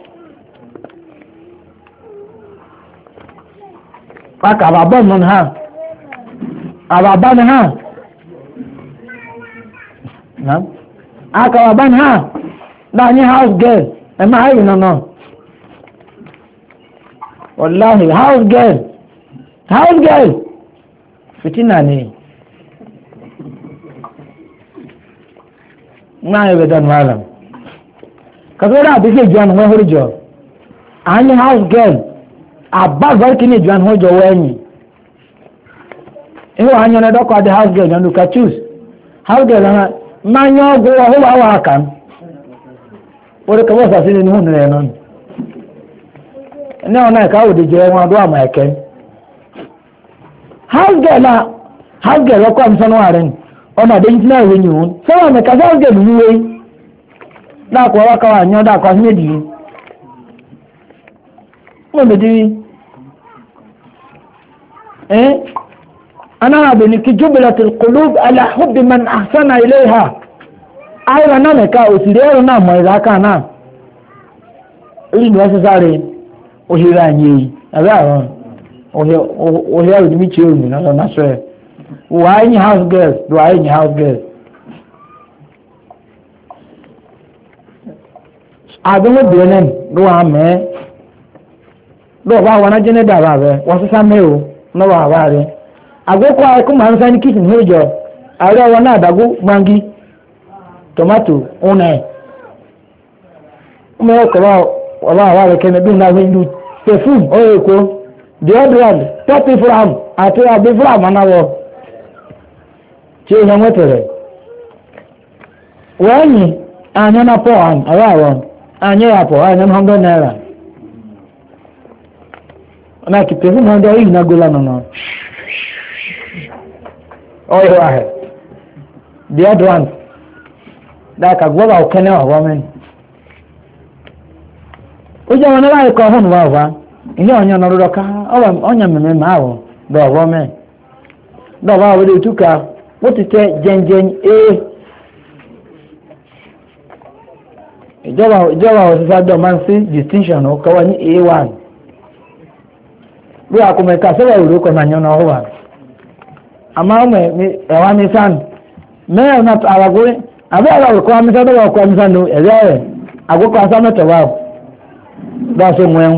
aka àbàbọ̀ nù ha àbàbá ni ha aka àbàbá ni ha láàyè house girl ẹ̀ máa yìí nù náà wàláhì house girl house girl fitina ni ŋmaa yẹ bẹ dánù àlàm kàtó dà àti sèjọ́ nù wọ́n hórí jọ house girl. abazal kini juan hojo wenyi ewa anyo na doko adi house girl yandu ka choose house girl ana manyo go wa huwa ka sini ni ne ona ka eke house girl na house girl ko am sanu ona de hun so wa house girl wa da di mo me di eh ana abin ala hubbi man ahsana ilaiha ayra na me ka osire na mo na ri ni wasa sare o na na so e house girls do i house girls agbẹ́wò bìrẹ́nẹ́m ló wà mẹ́ lọ́wọ́ na wọn ajẹ́nẹ́dà o. nọ́wọ́ awari àgbékọ́ ẹkún máa ń na kìsìn méjọ ààrẹ na tomato ọ̀nà ẹ̀ ọmọ ẹ̀kọ́ awari àwárí kẹ́mi bí nà wí lu perfume ọ̀rọ̀ èkó deodorant tọ́pì fúram àti anawọ fúram anáwọ̀ tí ó yẹn wẹ́tẹ̀rẹ̀ anya naira. na kipevu na ndị oyi na gola nọ nọ oyi oh, di the other one daka gwọba okene ọhụwa men ụjọ ọ nara anyị onye nọ ka onye mmemme ma ahụ dị ọhụwa men dọba ahụ otu ka kpụtite jenjen ee ìjọba ìjọba sí distinction ọkọ̀ wa ní a one. bí akomeka sẹ́wà ìlú kọ́ na nyọ́nà ọ̀hún wa àmà ọmọ ẹ̀wà mi sàn mẹ́rin náà àwàgbé àbẹ́ àwọn ọ̀kọ́ amísà dọ́wọ́ ọ̀kọ́ amísà nù ẹ̀rí ẹ̀rẹ̀ àkókò asámẹ́tọ̀ wa lọ́sọ̀ mọ́ ẹ̀hún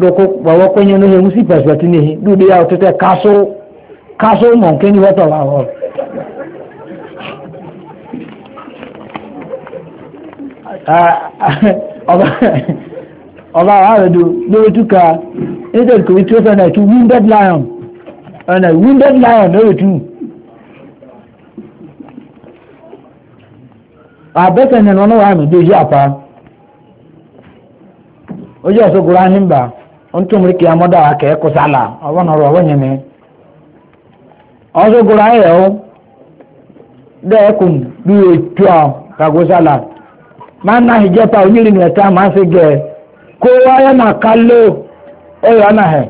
lóko wọ́wọ́ kọ́nyẹ́ ní ẹ̀hún sí pẹ̀sìpẹ̀tì ní ẹ̀hín dúdú yà ọ̀tẹ́tẹ́ kásó kásó mọ̀ nkẹ́ni *laughs* *laughs* ọba àwárẹ̀dọ̀ lórí túkà nítorí kò tí ó fẹ́ náà tún lion ọ̀nà wounded lion lórí tún àbẹ́sẹ̀ ní ọ̀nà wà mí dèjì àpá ojú ọ̀sọ́kùnrin ahínbà ń tún mú kí amọ́dá akẹ́kọ̀ọ́ sálà ọ̀rọ̀ yẹn mi dẹ́ẹ̀kùn bí ètò máa ń náà ẹ̀ta máa ń gẹ̀ẹ́ kowa yana kallo oyo anahe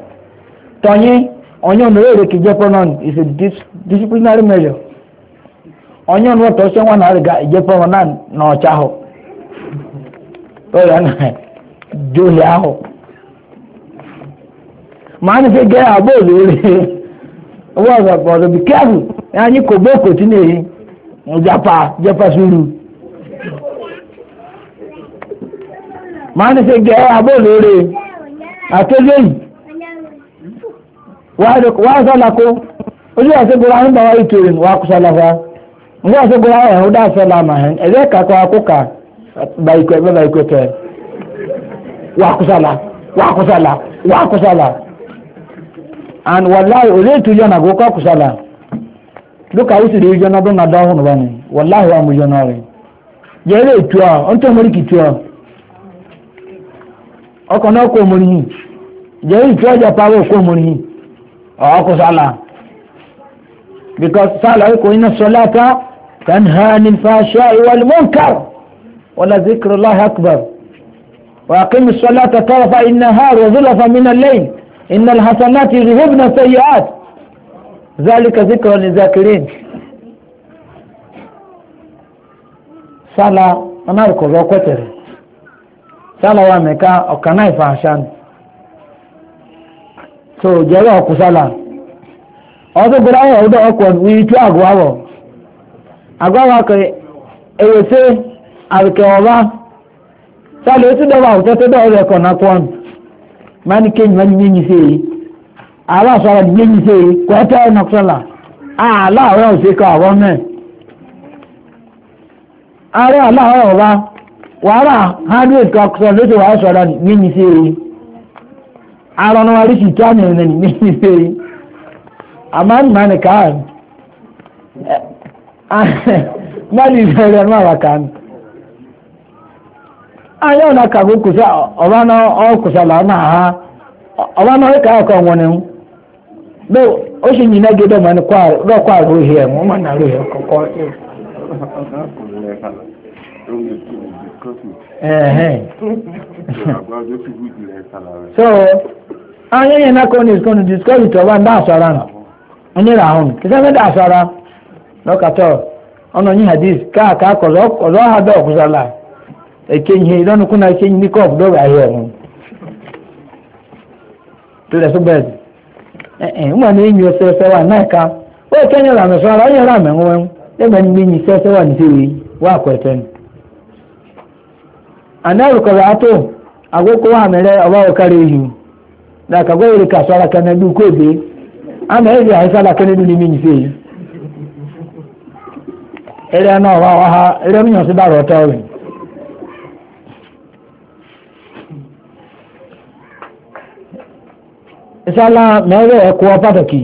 tonye onye ọnụ ere ka is a disciplinary measure onye ọnụ ọtọ ọsọ nwa narị ga ijepo na n'ọcha ahụ oyo anahe joli ahụ ma anyị fi gaa abụọ olori ụgbọ ọzọ ọzọ bi kebụ anyị kogbo okoti na-eyi japa japa suru máa ní ṣe gẹ abó lóore àtẹ́lẹ́ yìí wá sálàkó ojú àṣegbòrò àwọn bàbá yìí tòrè wá kó sálàfà ojú àṣegbòrò àwọn ẹ̀hún dá sálà mà hẹ́n ẹ̀rẹ́ kàkọ́ akókà bàyíkọ́ ẹ̀fẹ́ bàyíkọ́ tẹ̀ wá kó sálà wá kó sálà wá kó sálà and wàláyé òlé ìtújọ́ nà kó kó sálà lókà ó sì rí ìjọ náà tó nà dáhùn wani wàláyé wà mú ìjọ náà rẹ̀ yẹ́rẹ́ ìtú à ọ́n ọkọ̀ náà kò mọ̀rí yìí jẹ́ ìtú ọjà pàwọ́ kò mọ̀rí yìí ọkọ̀ sálà because sálà kò iná sọláta ha ní fàṣà ìwàlú mọ́nkàr wọ́n zikr allah akbar وأقم الصلاة طرف النهار وزلفا من الليل إن الحسنات يذهبن ni ذلك sálà wọn صلاة kọ̀ rọ̀ kọ́tẹ̀rẹ̀ sala wa mẹ́ka ọ̀kan so jere ọ̀kú sálà ọdún gbọ́dọ̀ ayọ̀ ọdún ọkọ̀ ní itú àgọ́ àwọ̀ àgọ́ àwọ̀ akẹ́ ewèsé àrùkẹ́ ọ̀bá sálà ó tún dọ́wọ́ àwùjọ tó dọ́wọ́ rẹ̀ kọ̀ọ̀nà mmiri máa ní kéyìn nye sala wàhálà hundred kan sọ lóṣù wàá sọ̀rọ̀ ní mí ní sí èyí arọ náà wà mí ní anyị ọ na-akagbu kwụsị ọba na ọ kwụsịla ma ha ọba na ka ọkọ nwere o si gị dọma ọ so anyị nye na kone is going to discuss with ọba ndị asara na onye na ahụ kịta ndị asara n'ọkatọ ọnụ onye hadis ka ka akọzọ ọzọ ha dọ ọkụzala ekenye nnukwu na ekenye n'ike ọbụdọ bụ ahịa ọhụrụ tụlesụ bezi ụmụ na-enyi ose ose wa na-eka o ekenye ra mesara onye ra menwe ebe ndị enyi ose ose wa ntiwi wa akwetenu anarukọrọ atụ agwụkwọ ha mere ọgbaghọ karịa ehi na ka gwa ere ka asara na dukwu ebe a na ezi ahịsa na kene n'ime nyife ehi ere na ha ere mnyọ sị dara ọtọ ọrụ isala mere ẹkọ pàtàkì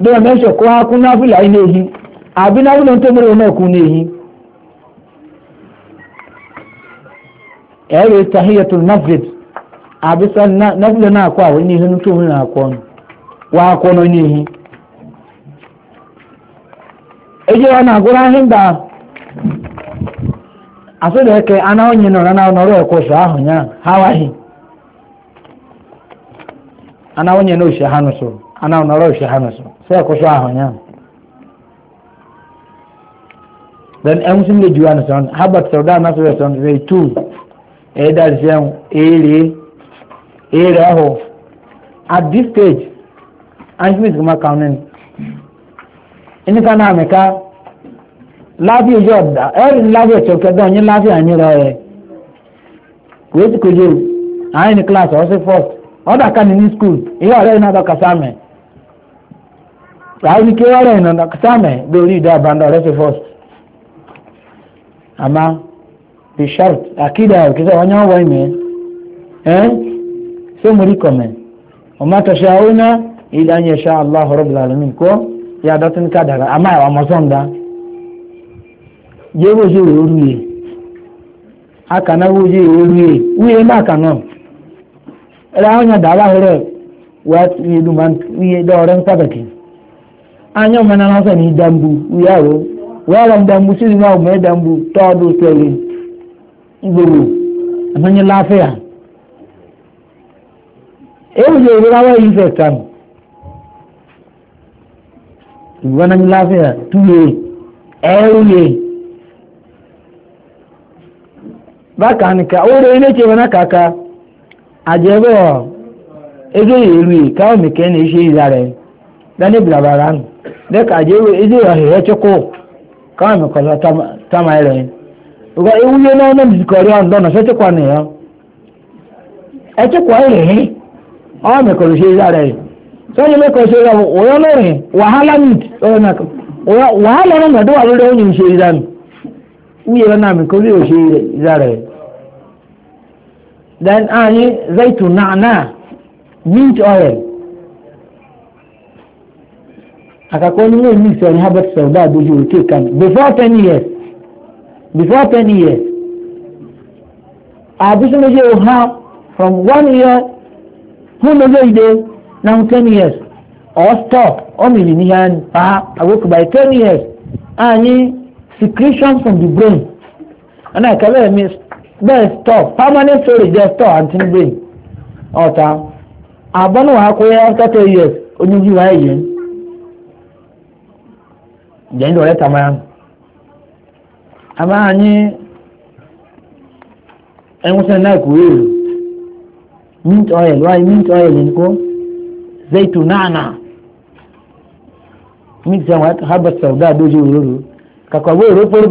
bí ọmọ ẹsẹ kọ akú náfìlà ihe ehi àbí náfìlà ń tó mẹrẹ ẹ̀rọ tahiyatul masjid àbísà nafilẹ̀ náà kọ́ àwọn oníhìn tó ń rìn àkọ́ wà á kọ́ oníhìn. eji wa agụrụ ahịa mba asịrị eke anaghị onye nọrọ na ọnọrọ ekwesị ahụ ya ha waghị onye na oshe ha n'ụsọ anaghị nọrọ oshe ha nụsụ sị ekwesị ahụ ya then enwusi ndị juwa nụsụ ha gbatịsị ụda anasịrị esọ ndị tu either jẹun eré eré ahụ at this stage anxious kò máa kàn nínú ẹnìkan náà mẹ́ka láàbí ojú ọ̀dà ẹ̀rí láàbí ọ̀tí ọ̀kẹ́dọ̀ ọ̀yìn láàbí ànírọ̀ na kò ètò kojú àárín ní class ọ̀sẹ̀ first ọ̀dà kan ní ní school ìyá ọ̀rẹ́ iná dọ̀kà sáàmẹ̀ láàbí kí ọ̀rẹ́ iná dọ̀kà sáàmẹ̀ lórí ìdá àbándọ̀ ọrịa ọsị first ama. bishart akida ukisa wanyawa waime eh so murikome wama tashauna ila an yasha Allah rabbul alamin ko ya datin kadara ama wa mazonda yebo je oruye akana wuje oruye uye ma kana ra onya dala hore wa ni duman uye do ren padaki Anya mana na so ni dambu uyawo wa ran dambu si ma o me dambu todo tele gbogbo a láfíà èyí ṣe ìrora wáyé ìfẹ́ kanu ìgbọ́n náà láfíà túyè ẹ̀rúyè bákan nìkan ó rẹ ilé ìṣèwọ̀n kàkà àjẹbọ̀ ẹgbẹ́ ìrúyè káwọn mìkẹ́ ní iṣẹ́ ìlà rẹ̀ dání bìlàbàrà nù dẹ́ka ẹgbẹ́ chukwu káwọn mìkọ́ lọ ụwa ewuye na jikọrọ ya ndọ e na sechekwa na ya echekwa ihe ọ mekọrọ shi zara ya sọnyi mekọrọ shi zara ụyọ n'ori wahala mit wahala na na dọwa rere onye shi zara uye na mekọrọ ya shi zara then anyị zaitu na na mint oil akakwai ni ne mix on herbert sauda abuja oke kan before ten years before ten years àbísí méjì ò ha from one year who knows where méjèèjì dé now ten years or stop ọmọnì ní yan pa àwòkù by ten years àyìn secretion from the brain and ọ̀nà ìkẹ́lẹ́ mi bẹ́ẹ̀ stop permanent storage dey store until brain ọ̀tá àbọ̀nù wàá kó yẹ after ten years oníjì wáyé yẹn jẹ́ ní ọ̀rẹ́ tàmáyà àbá anyi ẹnwúsẹ̀ náà kò wéèrè mint oil wáyé mint oil ní kó zaitu nana mint sẹ́n wáyé harvard sauda àdójú òróró kakọ̀ wéèrè for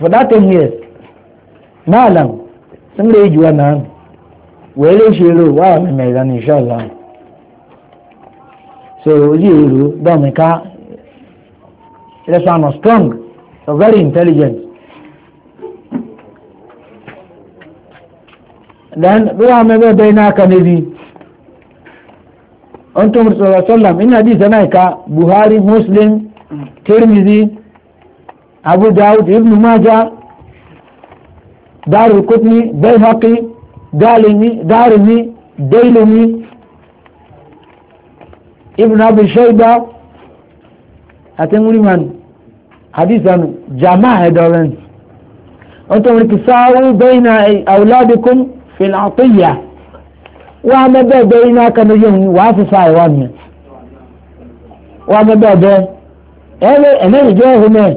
for that ten years náà làm sẹ́ńdẹ̀ ìjù wa náà wẹ́ẹ́ lè ṣe èrò wáwà mẹ́mẹ́ ìlànà ìṣọ́ọ̀lá so ojú èrò dọ́ọ̀mù ká ẹ̀rọ sọ̀nà strong so very intelligent. dan ruwa mai bai bai naka ne bi an tumur sallallahu sallam in hadisa na ka buhari muslim tirmizi abu dawud ibn maja darul kutni bai haƙi dalimi darimi dailimi ibn abu shaida a tin wuri man hadisan jama'a da wani an tumur ki sawu bai na auladikun filatiya wa mabebe ina kanu yin wa fi sai wa mi wa mabebe ele ele je hu me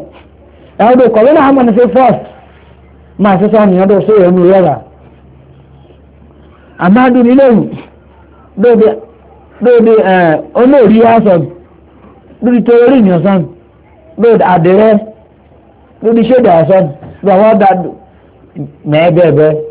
e do ko na ha man se first ma se so ni do se ni yara amadu ni lewu do de do de eh onori aso do to ori ni osan do adere do di se da aso do wa da mebebe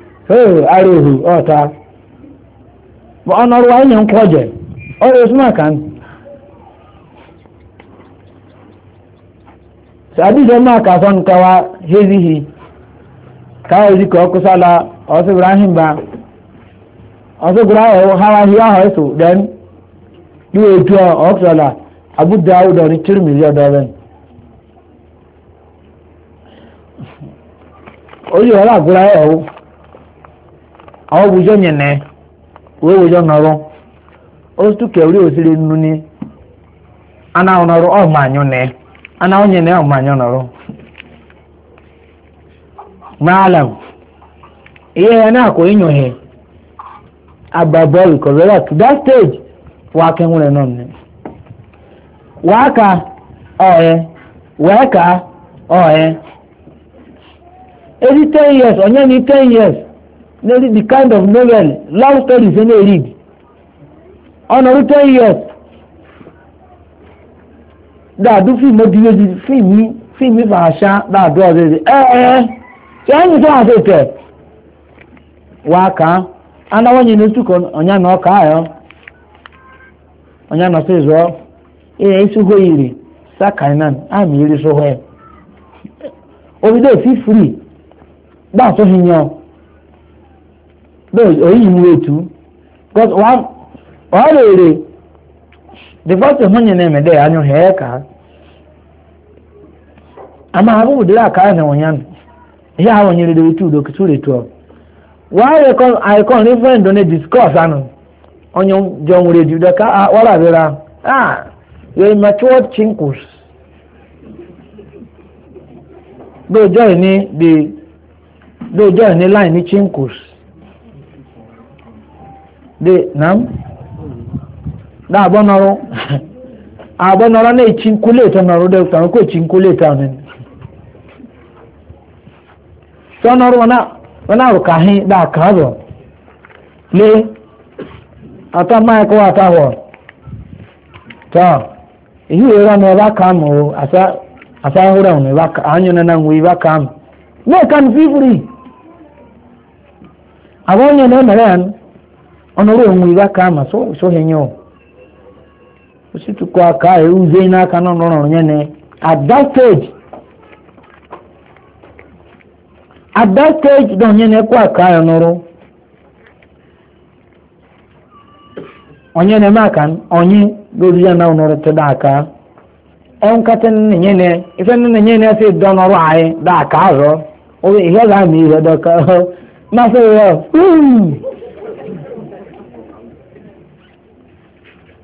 ee ara ohu ọta ọnọrọ anyị nkwụ ọjọ ọrịa osuma ka m sadịsọ mma ka afọ nkawa ka ozi ka ọkụsala ọsịgbara ahịmba ọsịgbara ahụ hawahi ahụ den iwe ọ wụjọ nyene wee wụjọ nọrọ otu osiri nnu ni nọrọ ọnọrọ ọmanyọ ne ana onye ne ọmanyọ nọrọ maalam ihe ya na-akọ inyohe agbabọọlụ kọzọrọ to that stage wa nọ nne ka wee ka ezi years years neri the kind of novel long stories ẹ na read ọ̀nàrú ten years dàdú fíìmù odiwezi fíìmù fíìmù fàáṣá dàdú ọ̀dẹ̀dẹ̀ ẹ ẹ ṣé ẹ̀yin tó wà sóòtẹ̀ wà ká anáwọ̀ yẹn lóṣù kan ọ̀nyá náà ká ẹ̀ ọ̀nyá sì zọ́ ẹ̀ ẹ̀ ìrì sákàá àmì ìrì ẹ̀ òbí dẹ̀ fi bá a tó fi yan. oyi mu etu because wa wa lere the first thing hunye na emede anyo he ka ama abu dira ka na onyan ya ha onye lere utu do kitu le to wa re kon i kon reverend don discuss anu onye jo nwere ju da ka wala bira ah ye matured chinkus do join ni the do join ni line ni chinkus de nam *laughs* na abonoro abonoro na echi noro de dị ko echinkulate anen so noro wana wana ka hin zo le ata mai ko ata ho ta ihu era ba ka mo asa asa hura no ba ka anyo ba ka me na fifri abonye ọnụ ruo onwe iwe aka ama sohe nye aka eruzie n'aka n'ọnụrụ ọrụ na at that na onye na-ekwe aka ya n'ọrụ onye na-eme aka onye lórí na náà nọrọ tó dáàka ẹn kẹtẹ nínú yẹn nẹ ìfẹ nínú yẹn nẹ ṣe dán ọrọ ààyè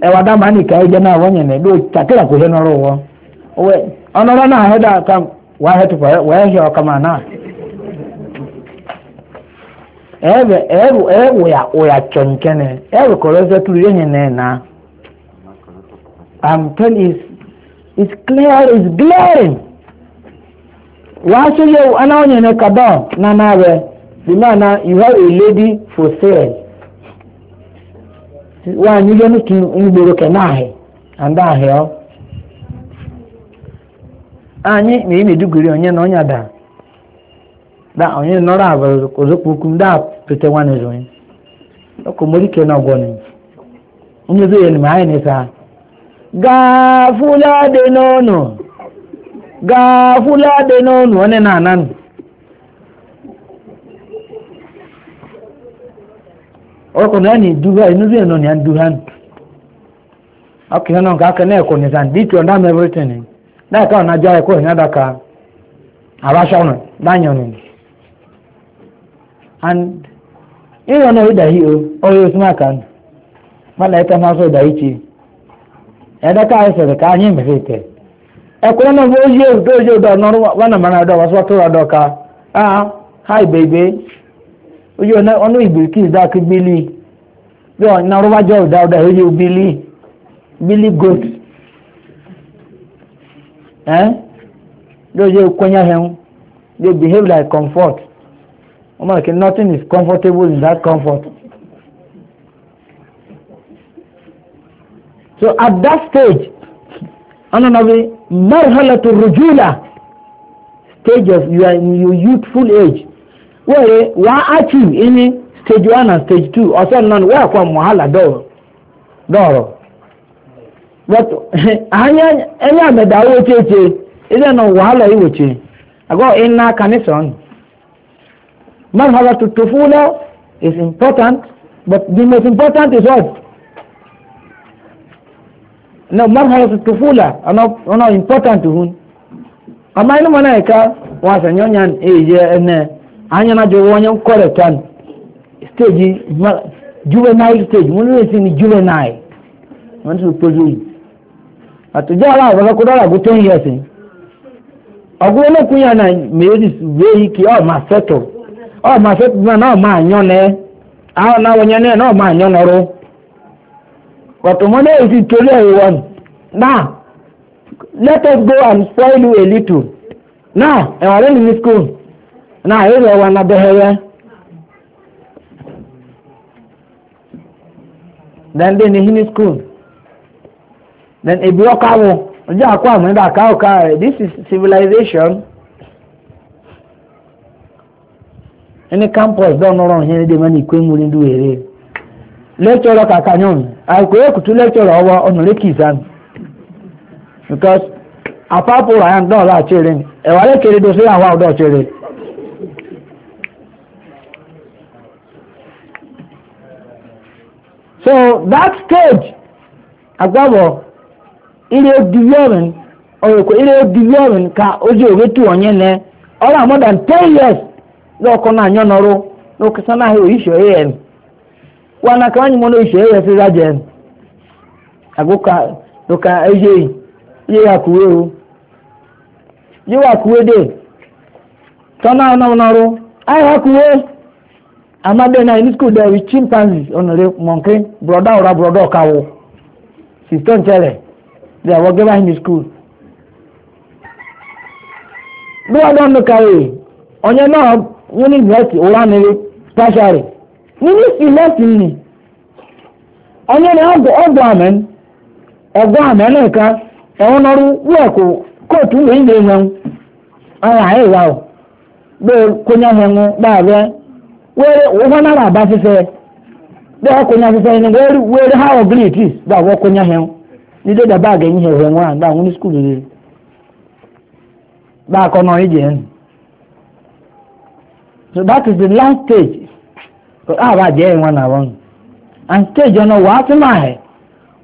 ẹwà dá màá nìkan ẹjẹ náà wọ́n yẹn ló tàkìlà kò hẹ́n ọ̀rọ̀ wọn ọ̀nà ọ̀rọ̀ náà hẹ́dà kan wà hẹ́ tìpọ̀ wà hẹ́ hẹ́ ọ̀kà náà ẹ̀ẹ́bẹ̀ ẹ̀ẹ́rù ẹ̀ẹ́wòyà òyà tsọ̀nkẹ́nẹ̀ ẹ̀ẹ́rù kọ̀rọ̀ ẹ̀sẹ̀ turu yẹn yẹn náà náà I'm telling you it's clear it's glaring wàá ṣe yẹ anáwó yẹn ní kàdán náà rẹ̀ bí máa na you have a lady for sale. nwaanyị ihe n'ike mgboro ke na-ahị anda ahị ọ oh. anyị na ị na onye na onya ada da onye nọrọ abụrụ ozokwu ukwu ndị a pete nwanne zo onye ọkụ morike na ọgwọ ni onye zo ya n'ime anyị n'ịsa gafula dị n'ọnụ gafula dị n'ọnụ onye na-ananụ ọkọ náà ní duha inú bí ẹnu ní à duha nù ọkọ yẹn náà nǹkan akẹ náà ẹkọ ní sàn dìtì ọ̀dà mi everything náà ẹ̀ka ọ̀nà ajá and ìyẹn náà ìdá yìí o ọyọ oṣù máa kàn mọ́lá ẹ̀ka máa sọ ìdá ka tì ẹ̀dá ká ẹsẹ̀ rẹ̀ ká yín mẹ́fẹ́ tẹ̀ ẹ̀kọ́ náà ó yé òdó yé òdó ọ̀nà ha oye ọ̀nà ìgbèkí ìdákí bílí yọ ọ̀nà rọ́bájọ́ ọ̀dáọ̀dá oye bílí bílí goat ẹ́ lóye kọ́nyá hẹ́hún they behave like comfort ọmọ ìkẹ́ nothing is comfortable in that comfort. so at that stage ọ̀nàmọ́bí marhala to rujula stage of your, your youthful age were wa achieve ini stage one and stage two ọsẹ nọ wẹ kọ mọhala dọrọ but *laughs* anya ẹni àmẹdà owó tiẹtiẹ ẹdẹ nọ wàhálà ìwòtí àgọ iná kanisọn manhala tuntun fúnlẹ is important but the most important is what na marhala tuntun fúnlẹ ọ̀nà important hun ọmọ inú mọ náà ẹ̀ka wọn èyí anyana jowonyo kore tan stage ma juvenile stage mun ni sin juvenile man su pozu atu jala wala kudala guten yesi agwono kunya na meri wei ki o maseto o maseto na no ma nyone a na wonya ne no ma nyone ro watu mone isi tole ewan na let us go and spoil you a little na e wale ni school na ile wa na behere then dey ni hini school then ebi ọka wo ọjọ akọ àmọ ọka this is civilization ẹni campus dọ́nà ọ̀rọ̀ ọ̀hìn ẹ̀dẹ̀ mẹ́ni ìkó emúri ndú wèrè lecturer kàkà yàn àìkò èkùtù lecturer ọwọ́ ọ̀nà lẹ́kì ìsàn because àpapọ̀ ryan dọ́ọ̀lá Chere ẹ̀wà Kere dọ́sẹ̀ àwọn ọ̀dọ́ Chere. so that stage agwabọ ire odiyorin ọrọkọ ire odiyorin ka oji onye ne ọrụ more than ten years lọkọ na anyọ nọrụ n'okesa na ahịa oyiso am wana ka anyị mọna oyiso am agụka doka eje ihe ya kuwe o ahịa kuwe. amade na in school there with chimpanzees onere monkey broda ora broda ọkawo sister nchere they are working in school bí wọn dánú kàwé ọ̀nyẹ́ náà wọ́n ní yunifásitì òwúrọ̀ nílé pàṣẹrì nínú ìlẹ́sì ni ọ̀nyẹ́ náà ọgbọ̀ àmẹ́ ọgbọ̀ àmẹ́ náà ẹ̀wọ̀n náà wúwẹ̀kù kóòtù wòye lè yẹn ọ̀hún were ụfọdụ nara aba fífẹ bí wọn kọnyà fífẹ ni wẹrẹ ha wọ green trees bí àwọn kọnyà hẹn ní dédé báàgì ẹyin hẹhẹ wọn à ń bá àwọn ní skul rere bá a kọ náà ẹjẹ ẹnu so that is the last stage a bá jẹ ẹyin wọn náà wọn and stage ọ̀nà wàá fi máa hẹ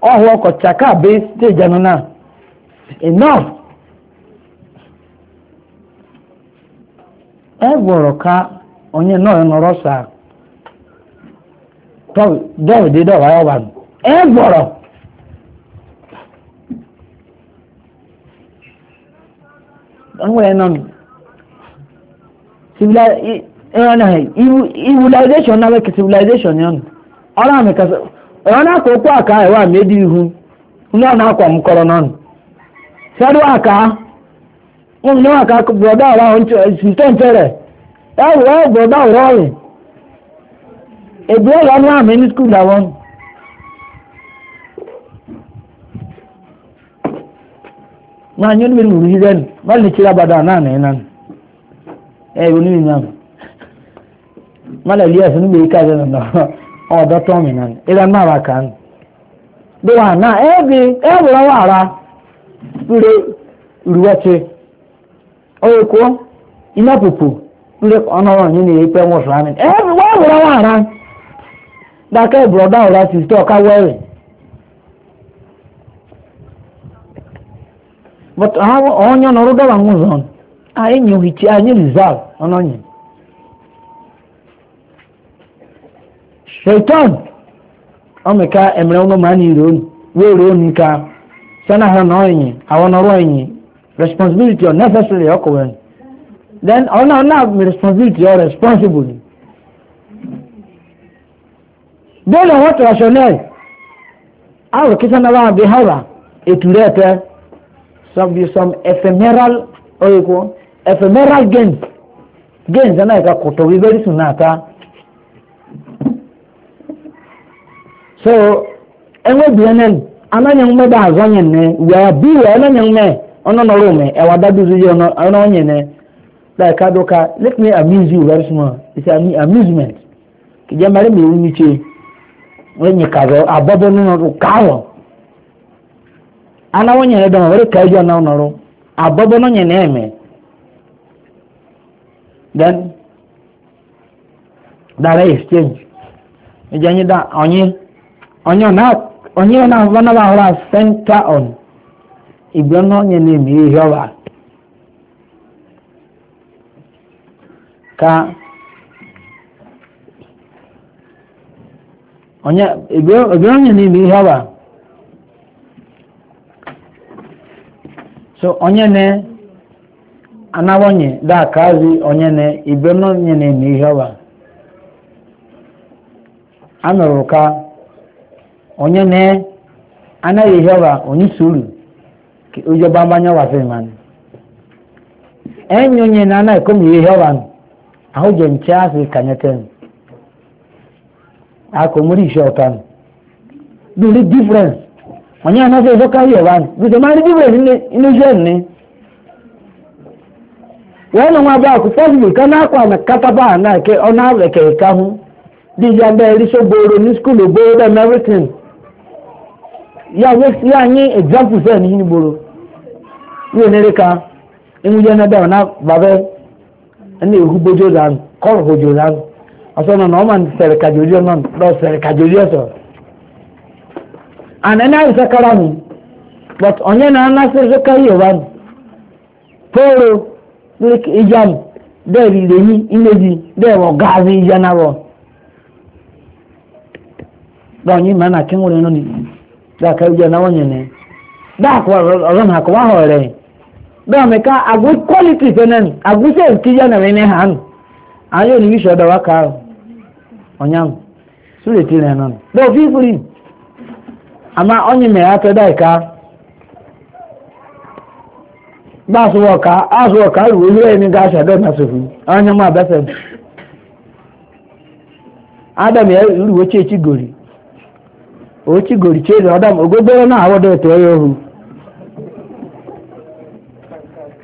ọ̀hún ọkọ̀ chaka stage ọ̀nà náà enough onye nọrọ nọrọ saa dọọ dị dọọ nọ civilization na weke civilization ya ọrụ amị kasị ọrụ na-akọ okwu aka ewe amị edi ihu ndị ọ na-akwa m kọrọ aka ụmụ nwa aka bụ ọdọ ọrụ ahụ ntọ ntere ẹ̀rọ ẹ̀bọ̀dá ọ̀rọ̀ rẹ̀ èdè ọ̀rọ̀ ní àmì ní skul àwọn máa yún nínú ìrù yíyẹ ma má lè kíra bàdà na nìyẹn náà ẹ ìrù nínú ìyá má lè lé ẹsùn níbi ìka ìyẹn nà ọ̀dọ́ tó mi náà ìlànà náà wà kàn bí na ẹ ẹ ọ̀yẹ̀kọ́ iná pòpò. ndị ọnọrọ anyị na-ekpe nwụsụ anyị ebe wee were nwa ara daka ebroda ụra siste ọka were but onye nọrụ dọba nwụzọ anyị nyeghichi anyị rizal ọnọnyi shaitan ọmịka emere ụlọ ma onu ruo wee ruo n'ike sanaha na ọnyị awọ nọrọ ọnyị responsibility ọkụ ọkụwere then all oh, our responsibility or responsible. They know what rationale. Our kitchen around behavior, it later uh, some some ephemeral or ephemeral gains. Gains and like koto very soon So and what BNN ananyang meda zonyen ne we are be eh? ananyang me ono oh, no rume e ne like adoka let me amuse you very small it's an amusement kìjẹ́ mẹ́rin mi wú mi ṣe wọ́n yẹ kàrọ̀ àbọ̀bọ̀ nínú kàrọ̀ aláwọ̀ yẹn dán wọ́n kà ẹjọ́ náà nọ̀rọ̀ àbọ̀bọ̀ náà yẹn náà mẹ́ then dara exchange ẹjẹ́ yín dá ọ̀yìn ọ̀yìn náà ọ̀yìn náà wọ́n náà wà á center on ìgbẹ́ náà yẹn ní èmi yìí hẹ́ wà á. ka onye ebe onye n'ime ihe ọba so onye ne onye da kazi onye ne ibe onye n'ime ihe ọba anụrụ ka onye ne anaghị ihe ọba onye suru ka ụjọba mmanya wasịrị mmanụ enyi onye na anaghị komi ihe ọba nụ àwùjọ nche ahụ kanyeten akọ nwere isi ọta lórí difference onye anaghị ezoka yi ọba gbèsè máa ní difference nínú iṣẹ́ nne wọ́n nọ nwa bá akụ pọ́sibù ká n'akọ àmì kataba àná ke ọ na-abẹ̀kẹ̀ ìka hụ dị ya bụ eriso gboro ní skul gboro dem everything ya wesi anyị example sef ihe gboro ihe nyere ka enwuje na bịa na babe ẹni ehu gbójú dànù kọ́ọ̀rù gbójú dànù ọ̀sọ́nà náà ọmọ sẹ̀rẹ̀ kàjòrí ọ̀nà lọ sẹ̀rẹ̀ kàjòrí ọ̀sọ̀ àná ní àìsàn mi but ọ̀nyẹ́ náà ná sẹ́sẹ́ káyé wa mi pọ́ọ̀rọ̀ lẹ́kì ìjà mi bẹ́ẹ̀ rí lẹ́yìn ìmẹ́jì bẹ́ẹ̀ wọ̀ gáàzì ìjà náà wọ̀ lọ́ọ̀nyí mẹ́rin wọlé náà ni dáàkà ìjà náà wọ̀ nyẹ̀ náà dáàkà ọ̀rọ̀ náà dɔɔmi ka agu quality na wɛn ha no ayɛ onibi sɛ ɔdɔ waka o ɔnyam sule ti na ɛnɔ dɔw fi firi ama ɔnye mɛ atɛ da ka aaso wɔ ka alu na so fi ɔnyam adam yɛ olu wo na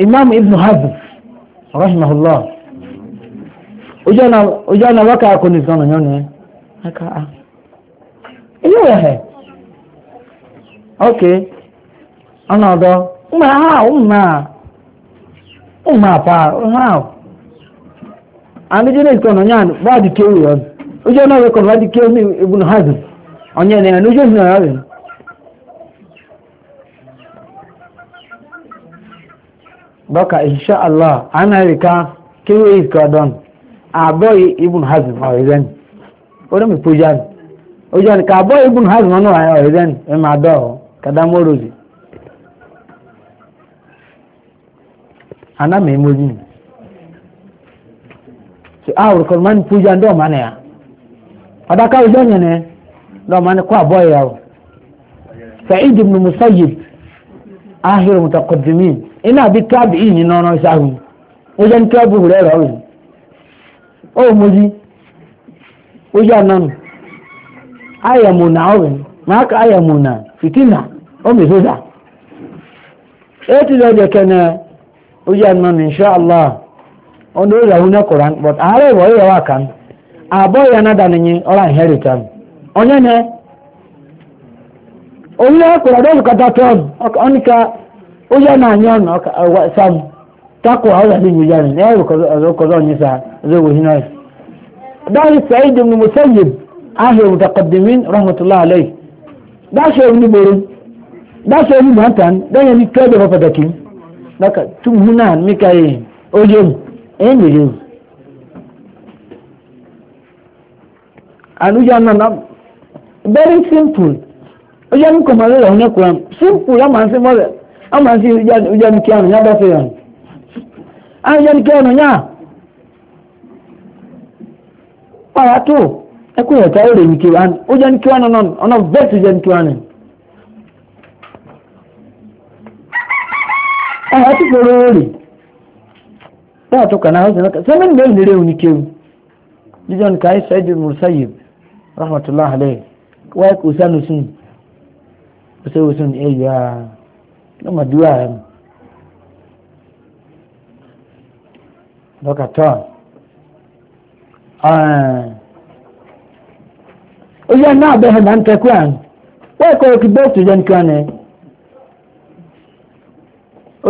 imam ibn habu rahimahullah ojú ọ wákà akọni sọ̀nà yọ̀ aka a ilé rẹ̀ hẹ̀ ok ọ̀nà ọ̀dọ́ mma ha mma mma pa ha àndíjẹ́ náà sọ̀nà doka insha Allah ana rika kiwe iska don ibn hazm oizen ore mi pujan ojan ka aboy ibn hazm no ay oizen e ma do kada moroji ana me moji so awr ah, kon man pujan do mane ya ada ka ojan ne do mane ko aboy ya Sa'id ibn Musayyib ahir ina bí tabi yìí nínú ọ̀rọ̀ ìṣàhùn ó jẹ́ ní tábì rẹ̀ rọ̀ rẹ̀ ó mojí ó yà nánu ayẹ̀mùnà ọ̀rẹ̀ ka ayẹ̀mùnà fìtínà ó mi sódà ètò ìdọ̀jẹ̀ kẹ́nẹ̀ ó yà nánu inṣàlá ọ̀nà ó yàwó ní koran but ààrẹ ìwọ̀ ó yàwó àkàn ya ìyá náà dànù ụjọ na-anya ọnụ ọka takwa ọ zàdí ìgbìjà rẹ̀ ní ẹ̀rù kọ̀ọ̀kọ̀ọ̀ ọ̀nyẹ́ sa zọ́wọ́ hinna rẹ̀. dáhì sa'id ibn musayyib ahìr mutaqaddimin rahmatullahi alayhi dáṣọ ìlú gbòòrò dáṣọ ìlú mọ̀tàn dáyẹ̀ ní kẹ́ẹ̀dẹ̀ fọ́ pàtàkì lọ́kà tún hún náà mí káyé ojú mu very simple simple ọmọ nsị ama si uja mkiano nya da sayan ah uja mkiano nya para tu eku ya ta ore mkiano uja mkiano non ona vet uja mkiano ah ati poro ore ta to kana hoza naka semen bel nire unikewu dijon kai sayyid musayyib rahmatullah alayhi wa yakusanu sun usawu sun ayya lọ́mọ dúrà rẹ̀ lọ́kàtọ́ ó yẹ náà bẹ́ẹ̀ bá ń tẹ́kù àn wọ́n kọ́ òkè bẹ́ẹ̀ tó jẹ́ nìkan ni ó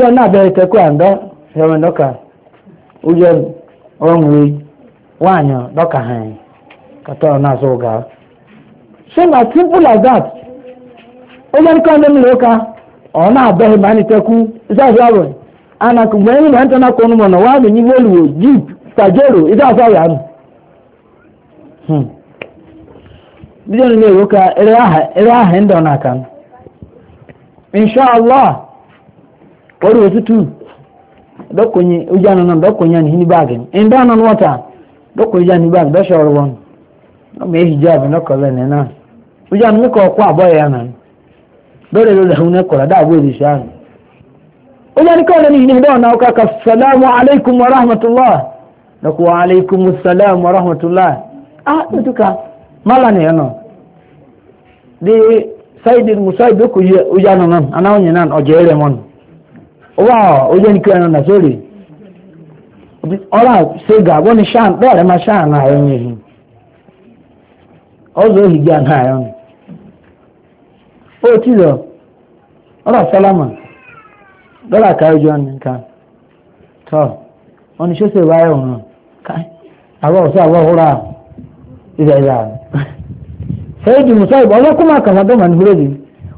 yẹ náà bẹ́ẹ̀ tẹ́kù àn dọ́ ẹ̀wọ̀n lọ́kà ó yẹ ọ̀hún rí wáàyàn so na simple as that ó yẹ nìkan lómi ọ na máa ní tẹ́kú ìsáàfáàrọ̀ anakùnmọ̀ ẹni máa ń tẹ́nà kọ́nu mọ̀nà wà ní yí mélòó jeep pàjẹ́rò ìsáàfáàrọ̀ àmì. bíjọ́ ni èrò ka eré ahà ń dọ̀nà kan inṣọ́ọ̀lá orí òtútù dọ́kùnye ojú àná náà dọ́kùnye àná ní na mi dole zo zahu ne da abu nke shani ina ni ka salamu alaikum rahmatullah da rahmatullah ah duka mala ne yano dị saidin musaid ko ujana nan ana wani nan wa oje nke kawai na sorry ọlá ṣe gàgbọ́ ni ṣáà ó tí lọ ọ́rọ̀ sálámà lọ́rà káyọjọ́ nìkan tọ́ ọ́nà ṣọ́sẹ̀ wáyé ọ̀run àwọn ọ̀sẹ̀ àwọn ọ̀húnra ìdá ìdá sẹ́yìdì musa ìbọn ọlọ́kùnmá kan adọ́mà ní búrẹ́dì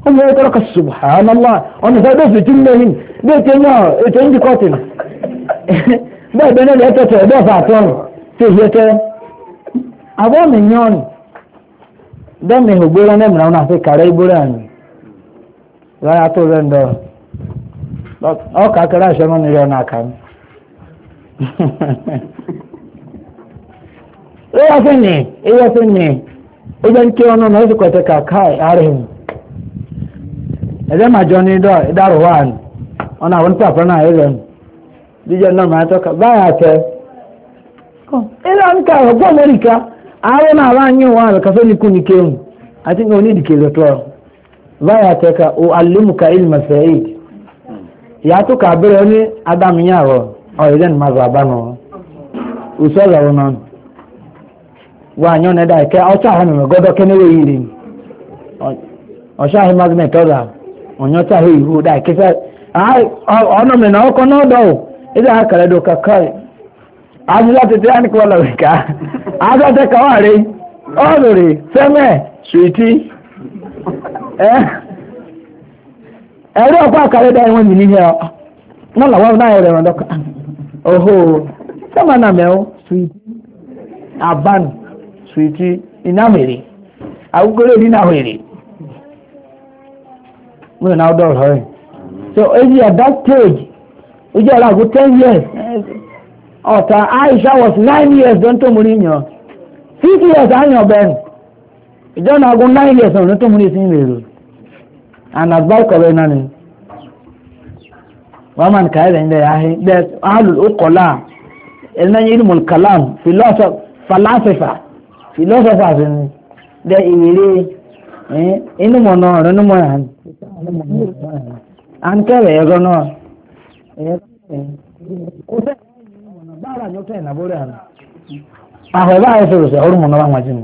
ó mú ẹgbẹ́ ọkọ̀ subhanallá ọ̀nà ìfẹ́ bẹ́ẹ̀ fìtí mẹ́rin bẹ́ẹ̀ tẹ́ ètò ìdí bẹ́ẹ̀ bẹ́ẹ̀ náà lẹ́tọ̀ tẹ̀ ẹ̀dọ́ fà tẹ́ mi dẹ́mi náà mìíràn kàrẹ́ rárá tó rẹ̀ ń dọ̀ ọkà nọ àṣẹ náà nílẹ̀ ọ̀nà àkàmú. Ewa fi ni, ewa ebe nke ọnụ na ozi kwete ka kai arịhị. Ede ma jọ ni ịdarụ wan, ọ na wọn papa na ịlọ. Dije nọ ma atọ ka baya te. Ịlọ nka Amerika, na-ala anyị nwa ala n'ikwu n'ike m, ati na onye báyà tẹ̀ka o alimuka ilma sẹ́yìd yàtò kàbẹ̀rẹ̀ ní adaminyàwó ọ̀yẹ́dẹ́ ní mazà bánu usọ́lọ̀ ọ̀nà wà nyọ́ nẹ́dá ẹ̀kẹ́ ọ̀chá ahẹ́mẹ̀ mẹ́gọ́dọ̀ kẹ́nẹ́wé yìí rìn ọ̀chá ahẹ́mẹ̀ mazà mẹ́tọ́dà ọ̀nyọ́chá ahẹ́ ìhú dá ẹ̀kẹ́ sẹ́ ọ̀nà mẹ́nà ọkọ̀ náà dọ̀ ẹ̀dẹ́ àkàrẹ̀ dọ̀ kàkà àdúrà tètè àníkọ́ lọ́wọ́ ká àdúrà tẹ̀ka wà rí ọ̀rẹ́ sẹ́mẹ̀ sùwìtì Eh? ẹ̀rí ọ̀pá àkàrẹ́ dá ẹ̀wọ̀n mi níhẹ́ ọ́ wọ́n làwọn náà ẹ̀rọ ẹ̀rọ dọ́kà ọ̀hó sọ́mà náà mẹ́wọ́ suwiti aban suwiti iná mèrè agogoro ní náà mèrè wọ́n náà ọ̀rọ̀ rẹ̀ so èyí at that stage ó jẹ́ ọ̀la ten years ọ̀tá aisha was nine years don tó mú ní yàn six years á yàn bẹ́ẹ̀ ìjọ náà agun nine years ọ̀run tó mú ní ìsinmi èrò and advice kọ̀wé náà ni wọ́n máa ń kàá ẹ̀rẹ̀ ńlẹ̀ ahẹ́ bẹ́ẹ̀ alùl okòlá ẹ̀rẹ́ yìí mú kàlám falasifa filosofa sí ni bẹ́ ìwéré inú mọ̀ náà ọ̀rọ̀ inú mọ̀ yà ni à ń kẹ́rẹ̀ ẹ̀rọ náà kò sẹ́yìn bára ni ó tẹ̀ ìnáwó rẹ̀ àná àhọ̀ báyìí sọ̀rọ̀ sẹ́ ọ̀rùn mọ̀ náà wà wájú mi.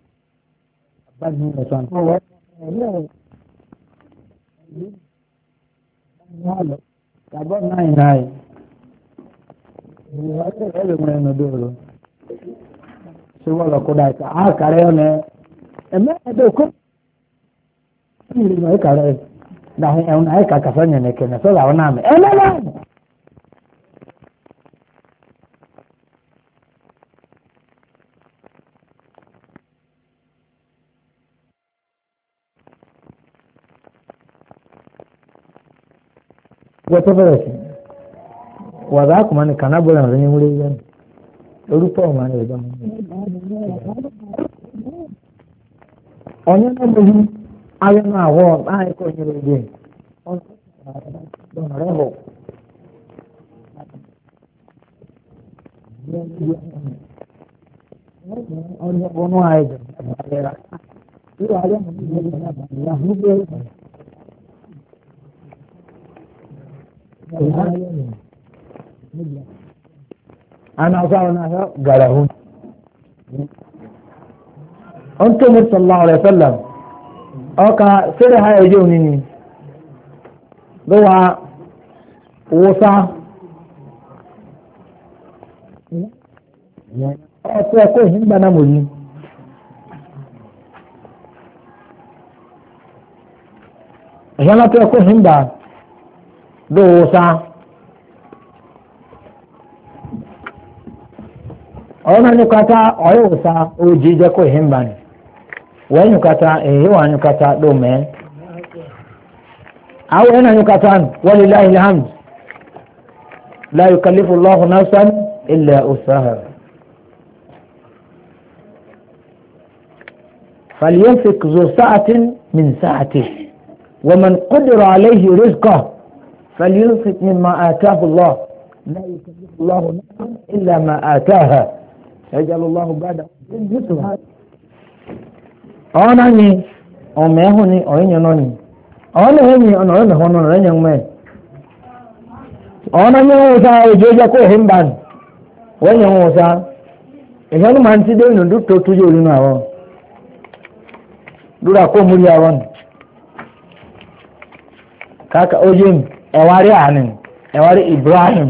Five minutes one. Oh, what? About nine nine. Ẹ̀rọ ìwọ̀n ẹ̀nà dòrò. Ṣé wọ́n lọ kó dà ẹ̀ka? Á kàrẹ́ ọ̀nà ẹ̀. Ẹ̀mẹ́ ẹ̀dẹ̀ òkú. Ṣé ìrìnà ẹ̀ka rẹ̀? Dàhùn ẹ̀hún ẹ̀ka kàfẹ́ yẹn nìkẹ́ nà sọ́dọ̀ àwọn náà mi. Ẹ̀mẹ́ náà. wọ́tọ́ na sí wàdà àkùnmá ni kànáàbọ̀lá rẹ̀ ní wúlé yẹn orúkọ ọ̀ma ni ọ̀dọ́ ọ̀nyẹ́ náà mo yí ayé náà wọ̀ báyìí kò nyere ojú ẹ̀ ọ̀nà rẹ̀ bọ̀. ọ̀nyẹ́ bọ̀ nù ayé jẹ̀ ọ̀nà rẹ̀ rà. أنا أصاب الناس قالهون أنت مرسى الله عليه وسلم أوكا سيري هاي يجوني دوا وصا أنا كوي هنبا أنا جانا توكو هنبا نموني dòwòsá ọ̀rọ̀ náà nyukata ọ̀yẹ́ wòsá ojì jẹ́ kó ìhìn bá ní wọ́n nyukata èyí wà nyukata dòmẹ́ àwọn ẹ̀nà nyukata wọ́n lè láyé hamd láyé kalifu lọ́hùn náà sán ilẹ̀ ọ̀sáhà. فلينفق ذو ساعة من ساعته ومن قدر عليه رزقه فلينفق مما آتاه الله لا يكلف الله نفسا إلا ما آتاها يجعل الله بعد يسرا أنا ني أمي هوني أين ينوني أنا هني أنا أنا هون أنا ينوم أنا ني وسا يجيجا كو هندان وين يوم وسا إذا ما أنت ده ندوت تطوجي ولنا وان دورا كو مريا وان كاكا أوجين ẹ̀wárí àánú ẹ̀wárí ibrahim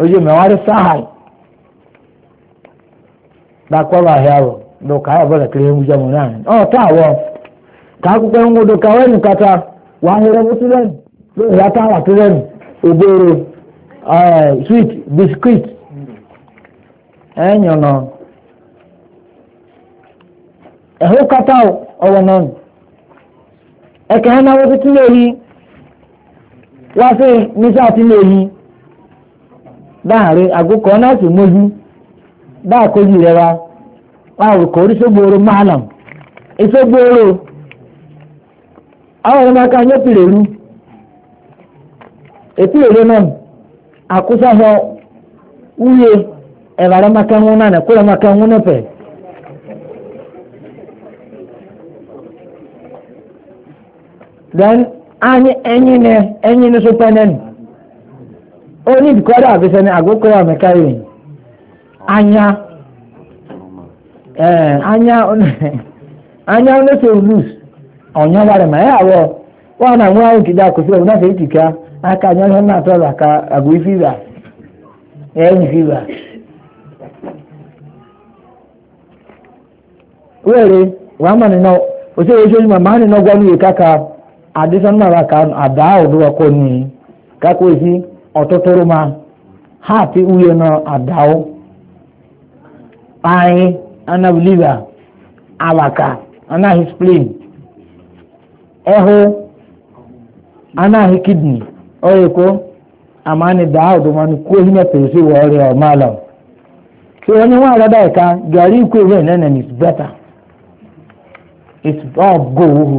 ojú mẹ̀wárí sahai dákọ́lá ahẹ́rọ lóka ayọ̀ bọ́lá kiri ewu jẹun náà ni ọ̀ tá ká akúkọ ń gbọdọ̀ ká wẹ́nu kata wà á yẹrẹ mọ́tò lẹ́nu lórí yàtá wà tó lẹ́nu ògbóró kata wá sí níṣẹ́ àti ilé yìí dáàrin àgùkọ náà sì mójú dáàkójú rẹ wa wàá rò kò rí sógbòòrò máàlàm àwọn ọmọ aka yẹn pèrè lu èpèrè náà àkúsáhọ wúye ẹ̀rọ maka ń wọn náà maka ń náà anyị enyi na enyi na sotanen onye agụkọ ya mekarị anya ee eh, anya *laughs* anya onye so lus ma ya wa na nwa ahụ kide akwụsịrị itika aka anya ọhịa na-atọ ọla ka agụ ifiba enyi eh, were wa ma ni na o se se ma ma ni gwa ni adịsọ nara ka ada ahụ ọkụ ni kakwezi ọtụtụ ma ha ati uye nọ adawo anyị anabiliva alaka anaghị spleen ehu anaghị kidney oyeko amani daa ọdụmanụ kwuo ihe pesi wee ọrịa ọmalọ so onye nwa agada ịka gari ikwe ihe nene is better it's all go uhu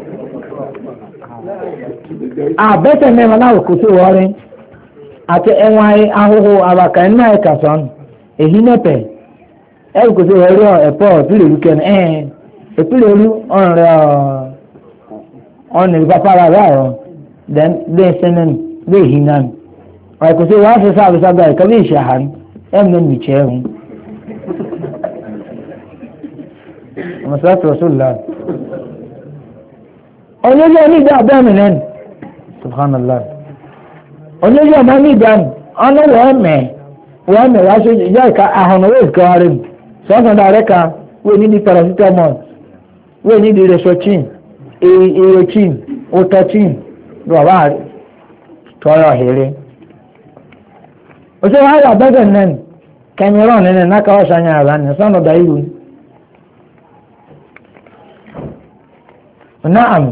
abẹ́tẹ̀ mẹ́rin náà kò sí wọ́ọ́rin àti ẹ̀wọ̀n ahóhó àwàkà ẹ̀ náà ẹ̀ka sọ́n èyí nẹ́pẹ̀ ẹ̀ kò sí wọ́ọ́rí ẹ̀pọ̀ ìpìlẹ̀ olú kẹ́ni ẹ̀ ìpìlẹ̀ olú ọ̀rùn rẹ̀ ọ̀nà ìpapára rẹ̀ àrọ̀ dẹ́ sẹ́nẹ̀ dé èyí náà ọ̀rẹ́ kò sí wọ́ọ́rí sẹ́sẹ́ àbísàgbà ìkàwé ìṣàhàn ẹ̀ mẹ́rin nìkyẹ́ ẹ̀hún. masalatu rasulillah. ọ̀nyẹ́lẹ́ onídàá bẹ́ẹ̀ mi lẹ́nu. subhanallah onye yi ọma ní ọnụ wee mee wee mee wee ya ka ahụ na wee zikọgharị m sọsọ na-arị wee nidi paracetamol wee nidi resochin e, erochin utochin rọba tọrọ oṣù ha kẹmíràn nínú àmì.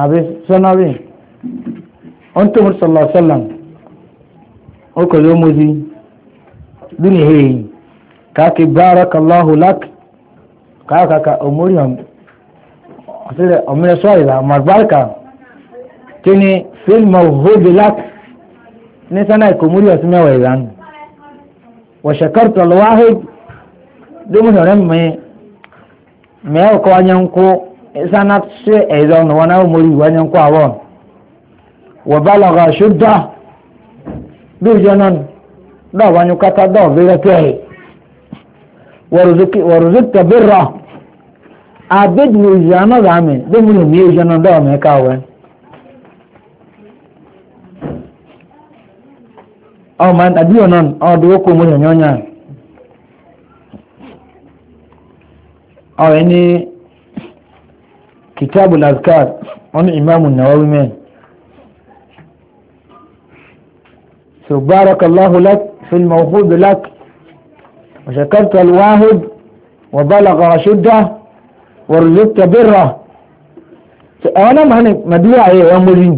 àbí sọ́nàrí ọ́n tó mọ́tò sọ̀lá sọ́lá ọkọ̀ yóò mú sí lónìí hẹ́yìn káàkiri bára kàláhù láàkì káàkàkà òmórí ọ̀sẹ̀rẹ̀ ọ̀mìnira sọ́ọ̀rì là màgbárìkà tí ni fíìmù ọ̀hóbi láàkì ní sánà ìkòmórí ọ̀sẹ̀ mẹ́wàá ìlànà wọ̀ṣẹ̀kọ́rọ̀tọ̀ lọ́wọ́ áhẹ́ dómìnira rẹ̀ mẹ́ mẹ́ ọkọ̀ anyankó sana se ẹ̀dọ́ ní wọn náà mórí ìwé ẹni kó àwọ̀ wọ́n bá lọ́gà ṣúdá bí ìjọ náà dọ̀ wọn ní kátà dọ̀ bí rẹ́pẹ́ ẹ̀ wọ̀rùzí tẹ̀bí rọ̀ àbẹ́dùn ìjọ náà rà bí mo lè mí ìjọ náà dọ̀ mí káwẹ́. ọmọ àdúgbò náà ọdún ó kó mo lè yán yàn. ọ̀rẹ́ ní. kitabu al-azkar wani imamu nawawi men so barakallahu lak fil mawhud lak wa shakarta al-wahid wa balagha ashuddah wa rizqta birra so awana mahane maduwa ayi wa muri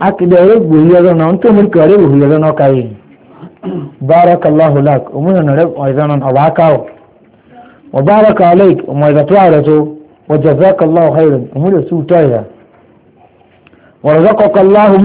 akida yare goyi ya na onto muri kare goyi ya zauna kai barakallahu lak umuna na rabu aizanan abakaw wa baraka alaik umma da tuwa da to وجزاك الله خيرا أمول سوتايا ورزقك الله